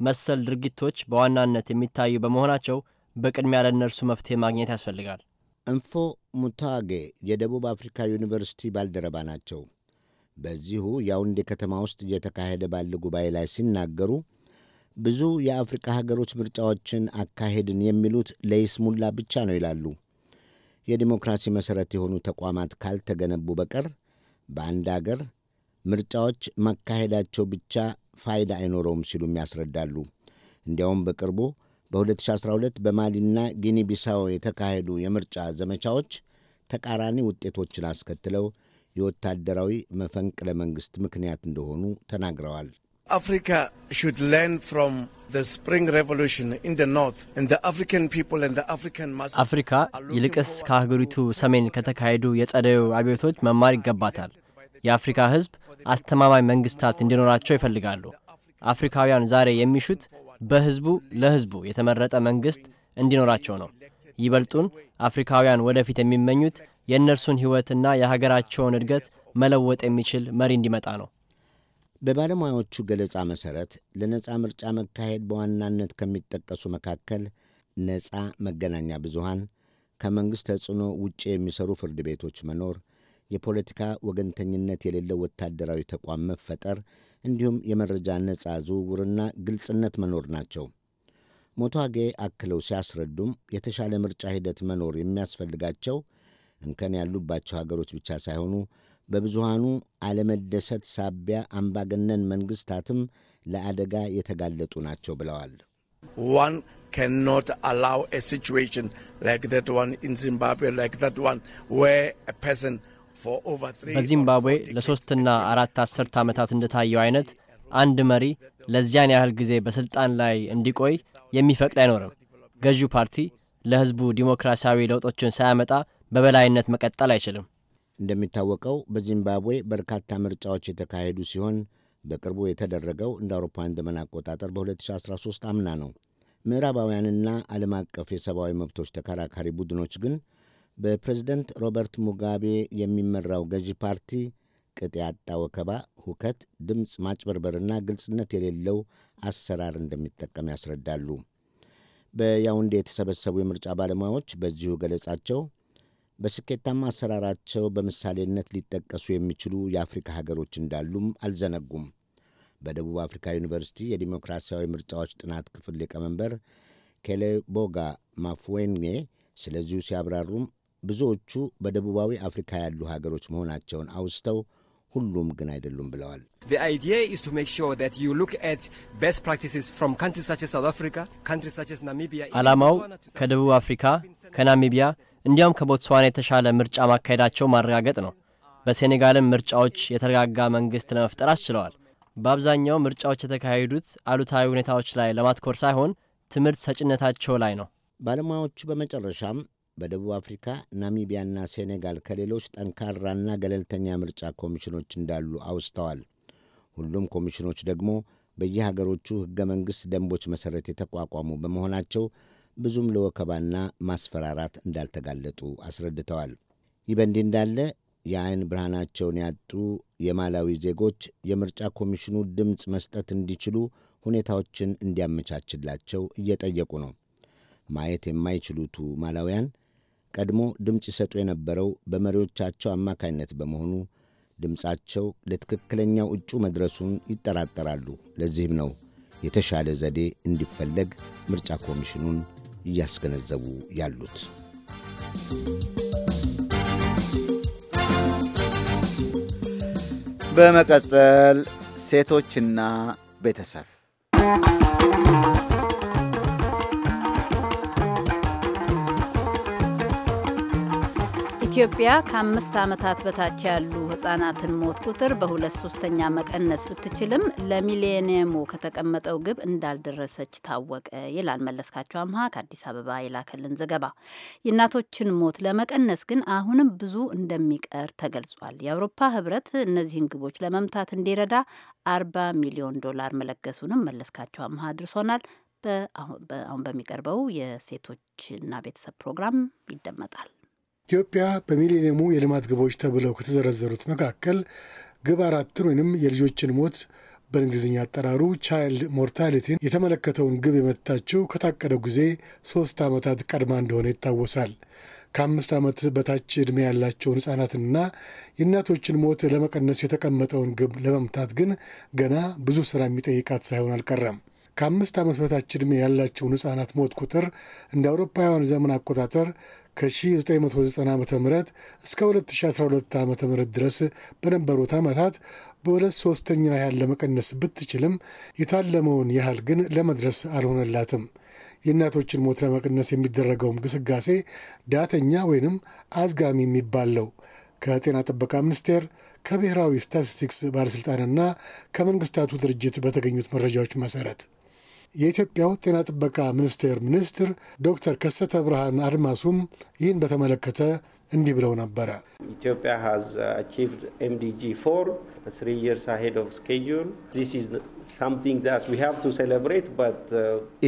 መሰል ድርጊቶች በዋናነት የሚታዩ በመሆናቸው በቅድሚያ ለእነርሱ መፍትሄ ማግኘት ያስፈልጋል። እንፎ ሙታጌ የደቡብ አፍሪካ ዩኒቨርሲቲ ባልደረባ ናቸው። በዚሁ ያውንዴ ከተማ ውስጥ እየተካሄደ ባለ ጉባኤ ላይ ሲናገሩ ብዙ የአፍሪካ ሀገሮች ምርጫዎችን አካሄድን የሚሉት ለይስሙላ ብቻ ነው ይላሉ። የዲሞክራሲ መሠረት የሆኑ ተቋማት ካልተገነቡ በቀር በአንድ አገር ምርጫዎች መካሄዳቸው ብቻ ፋይዳ አይኖረውም ሲሉም ያስረዳሉ። እንዲያውም በቅርቡ በ2012 በማሊና ጊኒ ቢሳው የተካሄዱ የምርጫ ዘመቻዎች ተቃራኒ ውጤቶችን አስከትለው የወታደራዊ መፈንቅለ መንግሥት ምክንያት እንደሆኑ ተናግረዋል። አፍሪካ ሹድ ለርን ፍሮም አፍሪካ ይልቅስ ከአህጉሪቱ ሰሜን ከተካሄዱ የጸደዩ አብዮቶች መማር ይገባታል። የአፍሪካ ሕዝብ አስተማማኝ መንግስታት እንዲኖራቸው ይፈልጋሉ። አፍሪካውያን ዛሬ የሚሹት በህዝቡ ለህዝቡ የተመረጠ መንግስት እንዲኖራቸው ነው። ይበልጡን አፍሪካውያን ወደፊት የሚመኙት የእነርሱን ህይወትና የሀገራቸውን እድገት መለወጥ የሚችል መሪ እንዲመጣ ነው። በባለሙያዎቹ ገለጻ መሠረት ለነፃ ምርጫ መካሄድ በዋናነት ከሚጠቀሱ መካከል ነፃ መገናኛ ብዙሃን፣ ከመንግሥት ተጽዕኖ ውጭ የሚሰሩ ፍርድ ቤቶች መኖር፣ የፖለቲካ ወገንተኝነት የሌለው ወታደራዊ ተቋም መፈጠር እንዲሁም የመረጃ ነጻ ዝውውርና ግልጽነት መኖር ናቸው። ሞቷጌ አክለው ሲያስረዱም የተሻለ ምርጫ ሂደት መኖር የሚያስፈልጋቸው እንከን ያሉባቸው ሀገሮች ብቻ ሳይሆኑ በብዙሃኑ አለመደሰት ሳቢያ አምባገነን መንግስታትም ለአደጋ የተጋለጡ ናቸው ብለዋል። ዋን cannot አላው a situation like that በዚምባብዌ ለሶስትና አራት አስርት ዓመታት እንደታየው አይነት አንድ መሪ ለዚያን ያህል ጊዜ በሥልጣን ላይ እንዲቆይ የሚፈቅድ አይኖርም። ገዢው ፓርቲ ለሕዝቡ ዲሞክራሲያዊ ለውጦችን ሳያመጣ በበላይነት መቀጠል አይችልም። እንደሚታወቀው በዚምባብዌ በርካታ ምርጫዎች የተካሄዱ ሲሆን በቅርቡ የተደረገው እንደ አውሮፓውያን ዘመን አቆጣጠር በ2013 አምና ነው። ምዕራባውያንና ዓለም አቀፍ የሰብአዊ መብቶች ተከራካሪ ቡድኖች ግን በፕሬዝደንት ሮበርት ሙጋቤ የሚመራው ገዢ ፓርቲ ቅጥ ያጣ ወከባ፣ ሁከት፣ ድምፅ ማጭበርበርና ግልጽነት የሌለው አሰራር እንደሚጠቀም ያስረዳሉ። በያውንዴ የተሰበሰቡ የምርጫ ባለሙያዎች በዚሁ ገለጻቸው በስኬታማ አሰራራቸው በምሳሌነት ሊጠቀሱ የሚችሉ የአፍሪካ ሀገሮች እንዳሉም አልዘነጉም። በደቡብ አፍሪካ ዩኒቨርሲቲ የዲሞክራሲያዊ ምርጫዎች ጥናት ክፍል ሊቀመንበር ኬሌቦጋ ማፍዌንጌ ስለዚሁ ሲያብራሩም ብዙዎቹ በደቡባዊ አፍሪካ ያሉ ሀገሮች መሆናቸውን አውስተው ሁሉም ግን አይደሉም ብለዋል። ዓላማው ከደቡብ አፍሪካ፣ ከናሚቢያ እንዲያውም ከቦትስዋና የተሻለ ምርጫ ማካሄዳቸው ማረጋገጥ ነው። በሴኔጋልም ምርጫዎች የተረጋጋ መንግሥት ለመፍጠር አስችለዋል። በአብዛኛው ምርጫዎች የተካሄዱት አሉታዊ ሁኔታዎች ላይ ለማትኮር ሳይሆን ትምህርት ሰጭነታቸው ላይ ነው። ባለሙያዎቹ በመጨረሻም በደቡብ አፍሪካ፣ ናሚቢያና ሴኔጋል ከሌሎች ጠንካራና ገለልተኛ ምርጫ ኮሚሽኖች እንዳሉ አውስተዋል። ሁሉም ኮሚሽኖች ደግሞ በየሀገሮቹ ሕገ መንግሥት ደንቦች መሠረት የተቋቋሙ በመሆናቸው ብዙም ለወከባና ማስፈራራት እንዳልተጋለጡ አስረድተዋል። ይህ በእንዲህ እንዳለ የአይን ብርሃናቸውን ያጡ የማላዊ ዜጎች የምርጫ ኮሚሽኑ ድምፅ መስጠት እንዲችሉ ሁኔታዎችን እንዲያመቻችላቸው እየጠየቁ ነው። ማየት የማይችሉቱ ማላውያን ቀድሞ ድምፅ ይሰጡ የነበረው በመሪዎቻቸው አማካይነት በመሆኑ ድምፃቸው ለትክክለኛው እጩ መድረሱን ይጠራጠራሉ። ለዚህም ነው የተሻለ ዘዴ እንዲፈለግ ምርጫ ኮሚሽኑን እያስገነዘቡ ያሉት። በመቀጠል ሴቶችና ቤተሰብ ኢትዮጵያ ከአምስት ዓመታት በታች ያሉ ሕጻናትን ሞት ቁጥር በሁለት ሶስተኛ መቀነስ ብትችልም ለሚሌኒየሙ ከተቀመጠው ግብ እንዳልደረሰች ታወቀ ይላል መለስካቸው አምሃ ከአዲስ አበባ የላከልን ዘገባ። የእናቶችን ሞት ለመቀነስ ግን አሁንም ብዙ እንደሚቀር ተገልጿል። የአውሮፓ ህብረት እነዚህን ግቦች ለመምታት እንዲረዳ አርባ ሚሊዮን ዶላር መለገሱንም መለስካቸው አምሃ አድርሶናል። አሁን በሚቀርበው የሴቶችና ቤተሰብ ፕሮግራም ይደመጣል። ኢትዮጵያ በሚሌኒየሙ የልማት ግቦች ተብለው ከተዘረዘሩት መካከል ግብ አራትን ወይም የልጆችን ሞት በእንግሊዝኛ አጠራሩ ቻይልድ ሞርታሊቲን የተመለከተውን ግብ የመታችው ከታቀደው ጊዜ ሶስት ዓመታት ቀድማ እንደሆነ ይታወሳል። ከአምስት ዓመት በታች ዕድሜ ያላቸውን ሕፃናትንና የእናቶችን ሞት ለመቀነስ የተቀመጠውን ግብ ለመምታት ግን ገና ብዙ ሥራ የሚጠይቃት ሳይሆን አልቀረም። ከአምስት ዓመት በታች ዕድሜ ያላቸውን ሕፃናት ሞት ቁጥር እንደ አውሮፓውያን ዘመን አቆጣጠር ከ1990 ዓ ም እስከ 2012 ዓ ም ድረስ በነበሩት ዓመታት በሁለት ሶስተኛ ያህል ለመቀነስ ብትችልም የታለመውን ያህል ግን ለመድረስ አልሆነላትም። የእናቶችን ሞት ለመቀነስ የሚደረገውም ግስጋሴ ዳተኛ ወይንም አዝጋሚ የሚባል ነው። ከጤና ጥበቃ ሚኒስቴር ከብሔራዊ ስታቲስቲክስ ባለሥልጣንና ከመንግሥታቱ ድርጅት በተገኙት መረጃዎች መሠረት የኢትዮጵያው ጤና ጥበቃ ሚኒስቴር ሚኒስትር ዶክተር ከሰተ ብርሃን አድማሱም ይህን በተመለከተ እንዲህ ብለው ነበረ። ኢትዮጵያ ሃዝ አቺቭድ ኤምዲጂ ፎር ይርስ አሄድ ኦፍ ስኬጁል ዚስ ኢዝ ሳምቲንግ ዛት ዊ ሃቭ ቱ ሴሌብሬት በት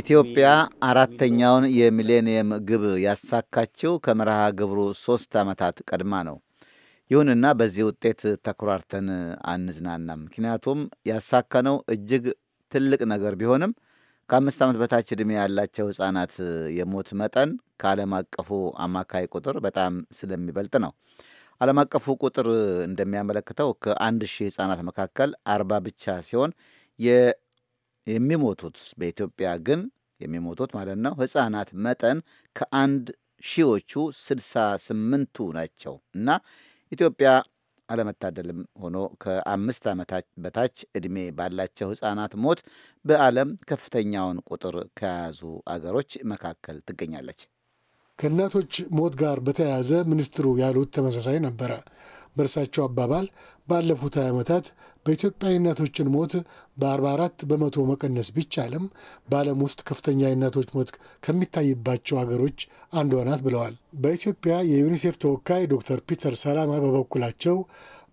ኢትዮጵያ አራተኛውን የሚሌኒየም ግብ ያሳካችው ከመርሃ ግብሩ ሶስት ዓመታት ቀድማ ነው። ይሁንና በዚህ ውጤት ተኩራርተን አንዝናናም። ምክንያቱም ያሳካነው እጅግ ትልቅ ነገር ቢሆንም ከአምስት ዓመት በታች ዕድሜ ያላቸው ሕፃናት የሞት መጠን ከዓለም አቀፉ አማካይ ቁጥር በጣም ስለሚበልጥ ነው። ዓለም አቀፉ ቁጥር እንደሚያመለክተው ከአንድ ሺህ ሕፃናት መካከል አርባ ብቻ ሲሆን የሚሞቱት በኢትዮጵያ ግን የሚሞቱት ማለት ነው ሕፃናት መጠን ከአንድ ሺዎቹ ስድሳ ስምንቱ ናቸው እና ኢትዮጵያ አለመታደልም ሆኖ ከአምስት ዓመታት በታች ዕድሜ ባላቸው ሕፃናት ሞት በዓለም ከፍተኛውን ቁጥር ከያዙ አገሮች መካከል ትገኛለች። ከእናቶች ሞት ጋር በተያያዘ ሚኒስትሩ ያሉት ተመሳሳይ ነበረ። በእርሳቸው አባባል ባለፉት 20 ዓመታት በኢትዮጵያ የእናቶችን ሞት በ44 በመቶ መቀነስ ቢቻልም በዓለም ውስጥ ከፍተኛ የእናቶች ሞት ከሚታይባቸው አገሮች አንዷ ናት ብለዋል። በኢትዮጵያ የዩኒሴፍ ተወካይ ዶክተር ፒተር ሰላማ በበኩላቸው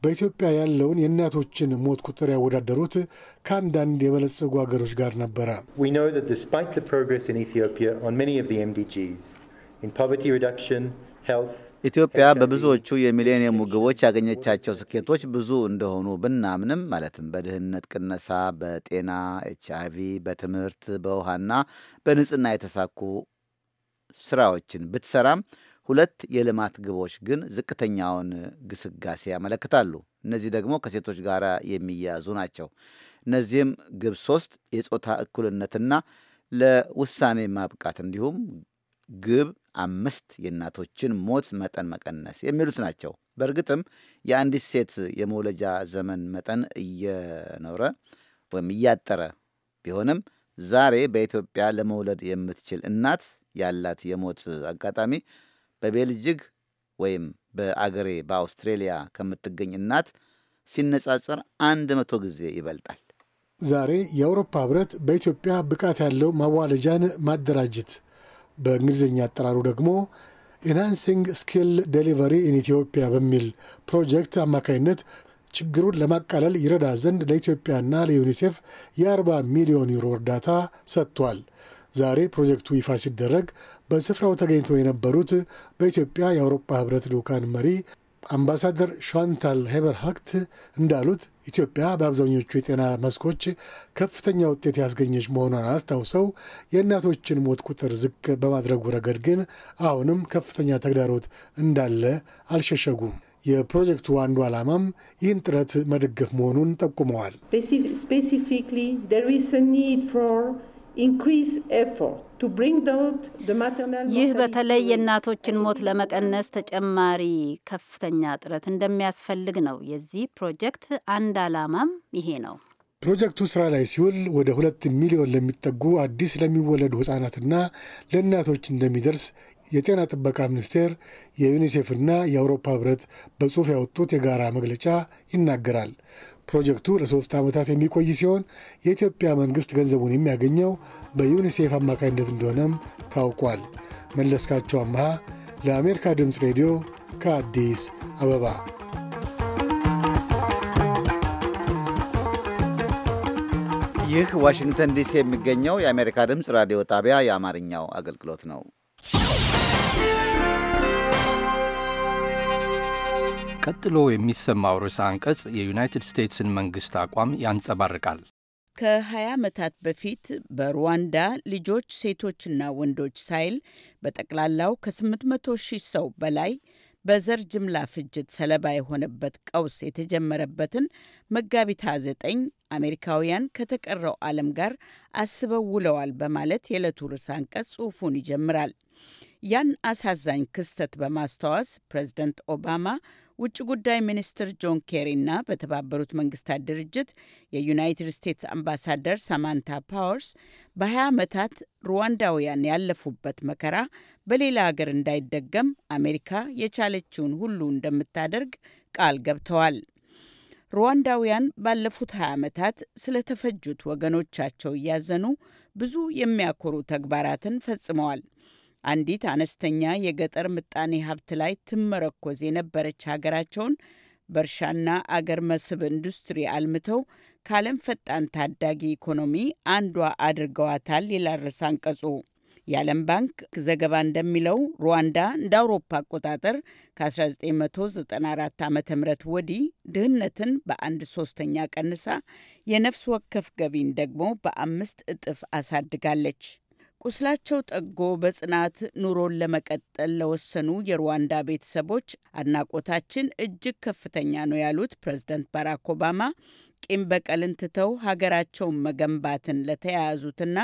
በኢትዮጵያ ያለውን የእናቶችን ሞት ቁጥር ያወዳደሩት ከአንዳንድ የበለጸጉ አገሮች ጋር ነበረ። ፕሮግሬስ ኢትዮጵያ ኦን ሜኒ ኦፍ ዘ ኤምዲጂስ ኢን ፖቨርቲ ሪዳክሽን ኢትዮጵያ በብዙዎቹ የሚሌኒየም ግቦች ያገኘቻቸው ስኬቶች ብዙ እንደሆኑ ብናምንም ማለትም በድህነት ቅነሳ፣ በጤና ኤች አይቪ፣ በትምህርት፣ በውሃና በንጽህና የተሳኩ ስራዎችን ብትሰራም ሁለት የልማት ግቦች ግን ዝቅተኛውን ግስጋሴ ያመለክታሉ። እነዚህ ደግሞ ከሴቶች ጋር የሚያያዙ ናቸው። እነዚህም ግብ ሶስት የጾታ እኩልነትና ለውሳኔ ማብቃት እንዲሁም ግብ አምስት የእናቶችን ሞት መጠን መቀነስ የሚሉት ናቸው። በእርግጥም የአንዲት ሴት የመውለጃ ዘመን መጠን እየኖረ ወይም እያጠረ ቢሆንም ዛሬ በኢትዮጵያ ለመውለድ የምትችል እናት ያላት የሞት አጋጣሚ በቤልጅግ ወይም በአገሬ በአውስትሬሊያ ከምትገኝ እናት ሲነጻጸር አንድ መቶ ጊዜ ይበልጣል። ዛሬ የአውሮፓ ህብረት በኢትዮጵያ ብቃት ያለው ማዋለጃን ማደራጀት በእንግሊዝኛ አጠራሩ ደግሞ ኢናንሲንግ ስኪል ዴሊቨሪ ኢን ኢትዮጵያ በሚል ፕሮጀክት አማካኝነት ችግሩን ለማቃለል ይረዳ ዘንድ ለኢትዮጵያና ለዩኒሴፍ የ40 ሚሊዮን ዩሮ እርዳታ ሰጥቷል። ዛሬ ፕሮጀክቱ ይፋ ሲደረግ በስፍራው ተገኝተው የነበሩት በኢትዮጵያ የአውሮፓ ህብረት ልዑካን መሪ አምባሳደር ሻንታል ሄበር ሀክት እንዳሉት ኢትዮጵያ በአብዛኞቹ የጤና መስኮች ከፍተኛ ውጤት ያስገኘች መሆኗን አስታውሰው የእናቶችን ሞት ቁጥር ዝቅ በማድረጉ ረገድ ግን አሁንም ከፍተኛ ተግዳሮት እንዳለ አልሸሸጉም። የፕሮጀክቱ አንዱ ዓላማም ይህን ጥረት መደገፍ መሆኑን ጠቁመዋል። ይህ በተለይ የእናቶችን ሞት ለመቀነስ ተጨማሪ ከፍተኛ ጥረት እንደሚያስፈልግ ነው። የዚህ ፕሮጀክት አንድ ዓላማም ይሄ ነው። ፕሮጀክቱ ስራ ላይ ሲውል ወደ ሁለት ሚሊዮን ለሚጠጉ አዲስ ለሚወለዱ ህጻናትና ለእናቶች እንደሚደርስ የጤና ጥበቃ ሚኒስቴር የዩኒሴፍና የአውሮፓ ህብረት በጽሑፍ ያወጡት የጋራ መግለጫ ይናገራል። ፕሮጀክቱ ለሶስት ዓመታት የሚቆይ ሲሆን የኢትዮጵያ መንግሥት ገንዘቡን የሚያገኘው በዩኒሴፍ አማካኝነት እንደሆነም ታውቋል። መለስካቸው አመሃ ለአሜሪካ ድምፅ ሬዲዮ ከአዲስ አበባ ይህ ዋሽንግተን ዲሲ የሚገኘው የአሜሪካ ድምፅ ራዲዮ ጣቢያ የአማርኛው አገልግሎት ነው። ቀጥሎ የሚሰማው ርዕሰ አንቀጽ የዩናይትድ ስቴትስን መንግሥት አቋም ያንጸባርቃል። ከ20 ዓመታት በፊት በሩዋንዳ ልጆች ሴቶችና ወንዶች ሳይል በጠቅላላው ከ800 ሺህ ሰው በላይ በዘር ጅምላ ፍጅት ሰለባ የሆነበት ቀውስ የተጀመረበትን መጋቢት 29 አሜሪካውያን ከተቀረው ዓለም ጋር አስበው ውለዋል በማለት የዕለቱ ርዕሰ አንቀጽ ጽሑፉን ይጀምራል። ያን አሳዛኝ ክስተት በማስታወስ ፕሬዝደንት ኦባማ ውጭ ጉዳይ ሚኒስትር ጆን ኬሪ እና በተባበሩት መንግስታት ድርጅት የዩናይትድ ስቴትስ አምባሳደር ሳማንታ ፓወርስ በ20 ዓመታት ሩዋንዳውያን ያለፉበት መከራ በሌላ አገር እንዳይደገም አሜሪካ የቻለችውን ሁሉ እንደምታደርግ ቃል ገብተዋል። ሩዋንዳውያን ባለፉት 20 ዓመታት ስለተፈጁት ወገኖቻቸው እያዘኑ ብዙ የሚያኮሩ ተግባራትን ፈጽመዋል። አንዲት አነስተኛ የገጠር ምጣኔ ሀብት ላይ ትመረኮዝ የነበረች ሀገራቸውን በእርሻና አገር መስህብ ኢንዱስትሪ አልምተው ከዓለም ፈጣን ታዳጊ ኢኮኖሚ አንዷ አድርገዋታል ይላል ርዕሰ አንቀጹ። የዓለም ባንክ ዘገባ እንደሚለው ሩዋንዳ እንደ አውሮፓ አቆጣጠር ከ1994 ዓ ም ወዲህ ድህነትን በአንድ ሶስተኛ ቀንሳ የነፍስ ወከፍ ገቢን ደግሞ በአምስት እጥፍ አሳድጋለች። ቁስላቸው ጠጎ በጽናት ኑሮን ለመቀጠል ለወሰኑ የሩዋንዳ ቤተሰቦች አድናቆታችን እጅግ ከፍተኛ ነው ያሉት ፕሬዝደንት ባራክ ኦባማ ቂም በቀልን ትተው ሀገራቸውን መገንባትን ለተያያዙትና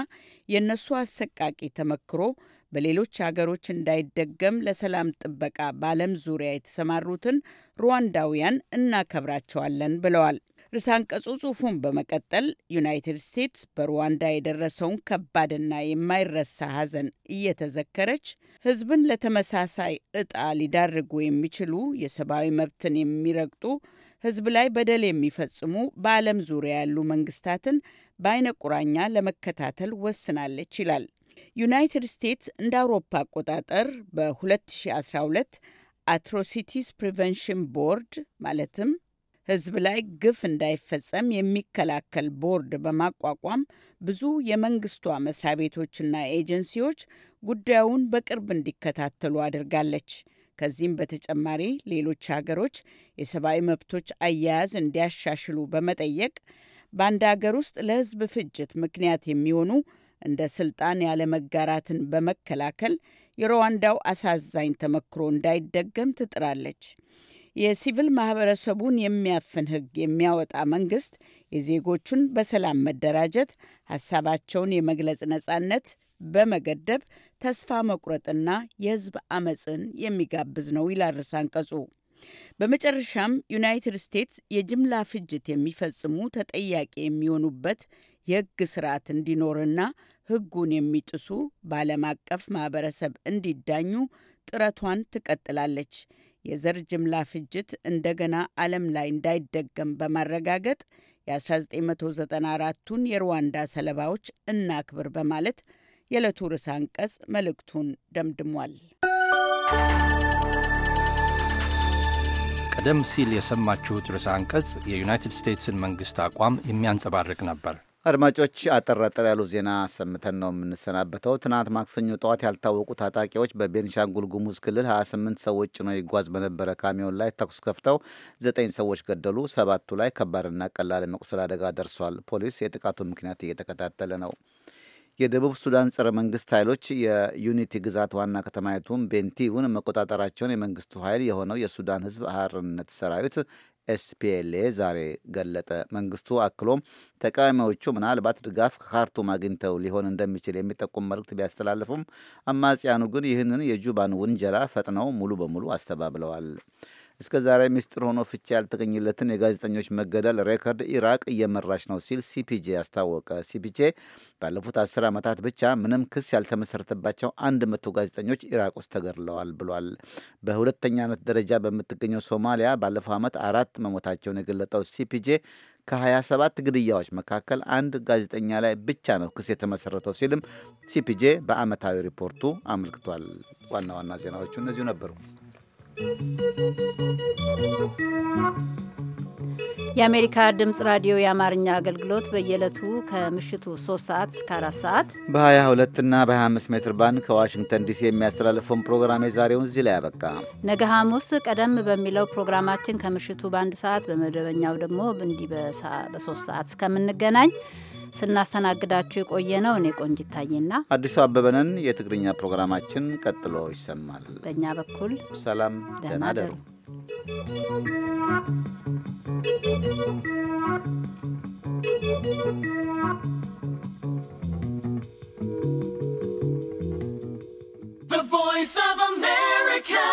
የእነሱ አሰቃቂ ተመክሮ በሌሎች ሀገሮች እንዳይደገም ለሰላም ጥበቃ በዓለም ዙሪያ የተሰማሩትን ሩዋንዳውያን እናከብራቸዋለን ብለዋል። ርዕሰ አንቀጹ ጽሑፉን በመቀጠል ዩናይትድ ስቴትስ በሩዋንዳ የደረሰውን ከባድና የማይረሳ ሐዘን እየተዘከረች ሕዝብን ለተመሳሳይ ዕጣ ሊዳርጉ የሚችሉ የሰብአዊ መብትን የሚረግጡ ሕዝብ ላይ በደል የሚፈጽሙ በዓለም ዙሪያ ያሉ መንግስታትን በአይነ ቁራኛ ለመከታተል ወስናለች ይላል። ዩናይትድ ስቴትስ እንደ አውሮፓ አቆጣጠር በ2012 አትሮሲቲስ ፕሪቨንሽን ቦርድ ማለትም ህዝብ ላይ ግፍ እንዳይፈጸም የሚከላከል ቦርድ በማቋቋም ብዙ የመንግስቷ መስሪያ ቤቶችና ኤጀንሲዎች ጉዳዩን በቅርብ እንዲከታተሉ አድርጋለች። ከዚህም በተጨማሪ ሌሎች ሀገሮች የሰብአዊ መብቶች አያያዝ እንዲያሻሽሉ በመጠየቅ በአንድ ሀገር ውስጥ ለህዝብ ፍጅት ምክንያት የሚሆኑ እንደ ስልጣን ያለመጋራትን በመከላከል የሩዋንዳው አሳዛኝ ተመክሮ እንዳይደገም ትጥራለች። የሲቪል ማህበረሰቡን የሚያፍን ህግ የሚያወጣ መንግስት የዜጎቹን በሰላም መደራጀት፣ ሀሳባቸውን የመግለጽ ነጻነት በመገደብ ተስፋ መቁረጥና የህዝብ አመፅን የሚጋብዝ ነው ይላል ርዕሰ አንቀጹ። በመጨረሻም ዩናይትድ ስቴትስ የጅምላ ፍጅት የሚፈጽሙ ተጠያቂ የሚሆኑበት የህግ ስርዓት እንዲኖርና ህጉን የሚጥሱ በዓለም አቀፍ ማህበረሰብ እንዲዳኙ ጥረቷን ትቀጥላለች። የዘር ጅምላ ፍጅት እንደገና ዓለም ላይ እንዳይደገም በማረጋገጥ የ1994ቱን የሩዋንዳ ሰለባዎች እናክብር በማለት የዕለቱ ርዕሰ አንቀጽ መልእክቱን ደምድሟል። ቀደም ሲል የሰማችሁት ርዕሰ አንቀጽ የዩናይትድ ስቴትስን መንግሥት አቋም የሚያንጸባርቅ ነበር። አድማጮች አጠር አጠር ያሉ ዜና ሰምተን ነው የምንሰናበተው። ትናንት ማክሰኞ ጠዋት ያልታወቁ ታጣቂዎች በቤንሻንጉል ጉሙዝ ክልል 28 ሰዎች ጭኖ ይጓዝ በነበረ ካሚዮን ላይ ተኩስ ከፍተው ዘጠኝ ሰዎች ገደሉ። ሰባቱ ላይ ከባድና ቀላል መቁሰል አደጋ ደርሷል። ፖሊስ የጥቃቱ ምክንያት እየተከታተለ ነው። የደቡብ ሱዳን ጸረ መንግስት ኃይሎች የዩኒቲ ግዛት ዋና ከተማይቱን ቤንቲውን መቆጣጠራቸውን የመንግስቱ ኃይል የሆነው የሱዳን ህዝብ ሀርነት ሰራዊት ኤስፒኤልኤ ዛሬ ገለጠ። መንግስቱ አክሎም ተቃዋሚዎቹ ምናልባት ድጋፍ ከካርቱም አግኝተው ሊሆን እንደሚችል የሚጠቁም መልእክት ቢያስተላልፉም አማጽያኑ ግን ይህንን የጁባን ውንጀላ ፈጥነው ሙሉ በሙሉ አስተባብለዋል። እስከ ዛሬ ሚስጥር ሆኖ ፍቺ ያልተገኘለትን የጋዜጠኞች መገደል ሬከርድ ኢራቅ እየመራች ነው ሲል ሲፒጄ አስታወቀ። ሲፒጄ ባለፉት አስር ዓመታት ብቻ ምንም ክስ ያልተመሰረተባቸው አንድ መቶ ጋዜጠኞች ኢራቅ ውስጥ ተገድለዋል ብሏል። በሁለተኛነት ደረጃ በምትገኘው ሶማሊያ ባለፈው ዓመት አራት መሞታቸውን የገለጠው ሲፒጄ ከ27 ግድያዎች መካከል አንድ ጋዜጠኛ ላይ ብቻ ነው ክስ የተመሰረተው ሲልም ሲፒጄ በዓመታዊ ሪፖርቱ አመልክቷል። ዋና ዋና ዜናዎቹ እነዚሁ ነበሩ። የአሜሪካ ድምፅ ራዲዮ የአማርኛ አገልግሎት በየዕለቱ ከምሽቱ 3 ሰዓት እስከ 4 ሰዓት በ22 እና በ25 ሜትር ባንድ ከዋሽንግተን ዲሲ የሚያስተላልፈውን ፕሮግራም የዛሬውን እዚህ ላይ ያበቃ። ነገ ሐሙስ ቀደም በሚለው ፕሮግራማችን ከምሽቱ በአንድ ሰዓት በመደበኛው ደግሞ እንዲህ በ3 ሰዓት እስከምንገናኝ ስናስተናግዳችሁ የቆየ ነው። እኔ ቆንጅታዬና አዲሱ አበበንን። የትግርኛ ፕሮግራማችን ቀጥሎ ይሰማል። በእኛ በኩል ሰላም፣ ደህና ደሩ። The Voice of America